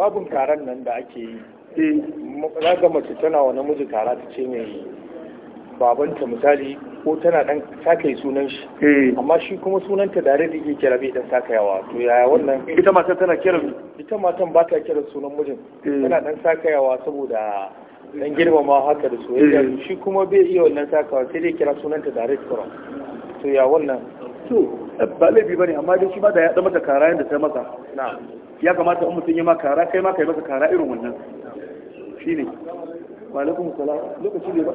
babun taron nan da ake yi eh ga mace tana wa namiji tara ta ce mai babanta misali ko tana dan sake sunan shi eh. amma shi kuma sunanta da rarrabe yake kira bai dan sakayawa to yaya wannan ita matan tana kira ita matan ba ta kira sunan mijin eh. tana dan sakayawa saboda dan girmama haka da soyayya eh. shi kuma bai iya wannan sakawa sai dai kira sunanta da rarrabe to ya wannan to eh, ba laifi ba ne amma dai shi ma da ya da mata kara yadda ta masa ya kamata in mutum ya ma kara kai ma kai masa kara irin wannan shi ne malakun musala lokaci ne ba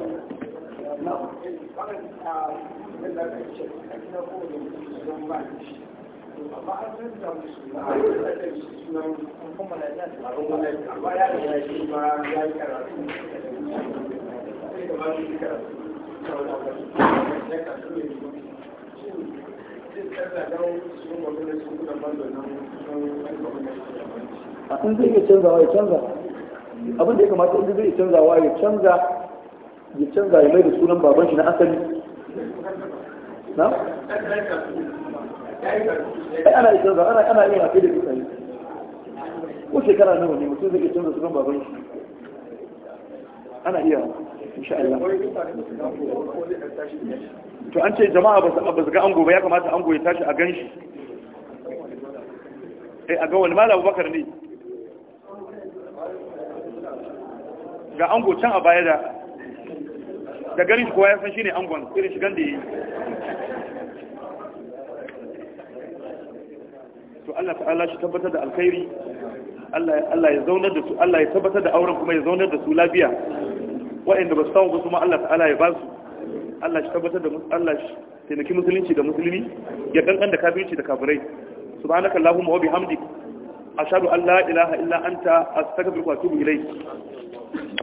Thank you. in zai iya canzawa ya canza abin da ya kamata in zai iya canzawa ya canza ya canza ya mai da sunan baban shi na asali na? Eh, ana iya canza ana ana yin hafi da kusa ne ko shekara nawa ne mutum zai iya canza sunan baban shi ana iya insha Allah to an ce jama'a ba su ga ango ba ya kamata ango ya tashi a gan shi. eh a ga wani malam Abubakar ne ga ango can a baya da da garin shi kowa ya san shine angon irin shigan da yi. to Allah ta'ala shi tabbatar da alkhairi Allah ya zaunar da su Allah ya tabbatar da auren kuma ya zaunar da su lafiya waɗanda ba su samu ba kuma Allah ta'ala ya ba su Allah shi tabbatar da Allah shi taimaki musulunci da musulmi ya ɗanɗan da kafirci da kafirai subhanaka allahumma wa bihamdik ashhadu an la ilaha illa anta astaghfiruka wa atubu ilayk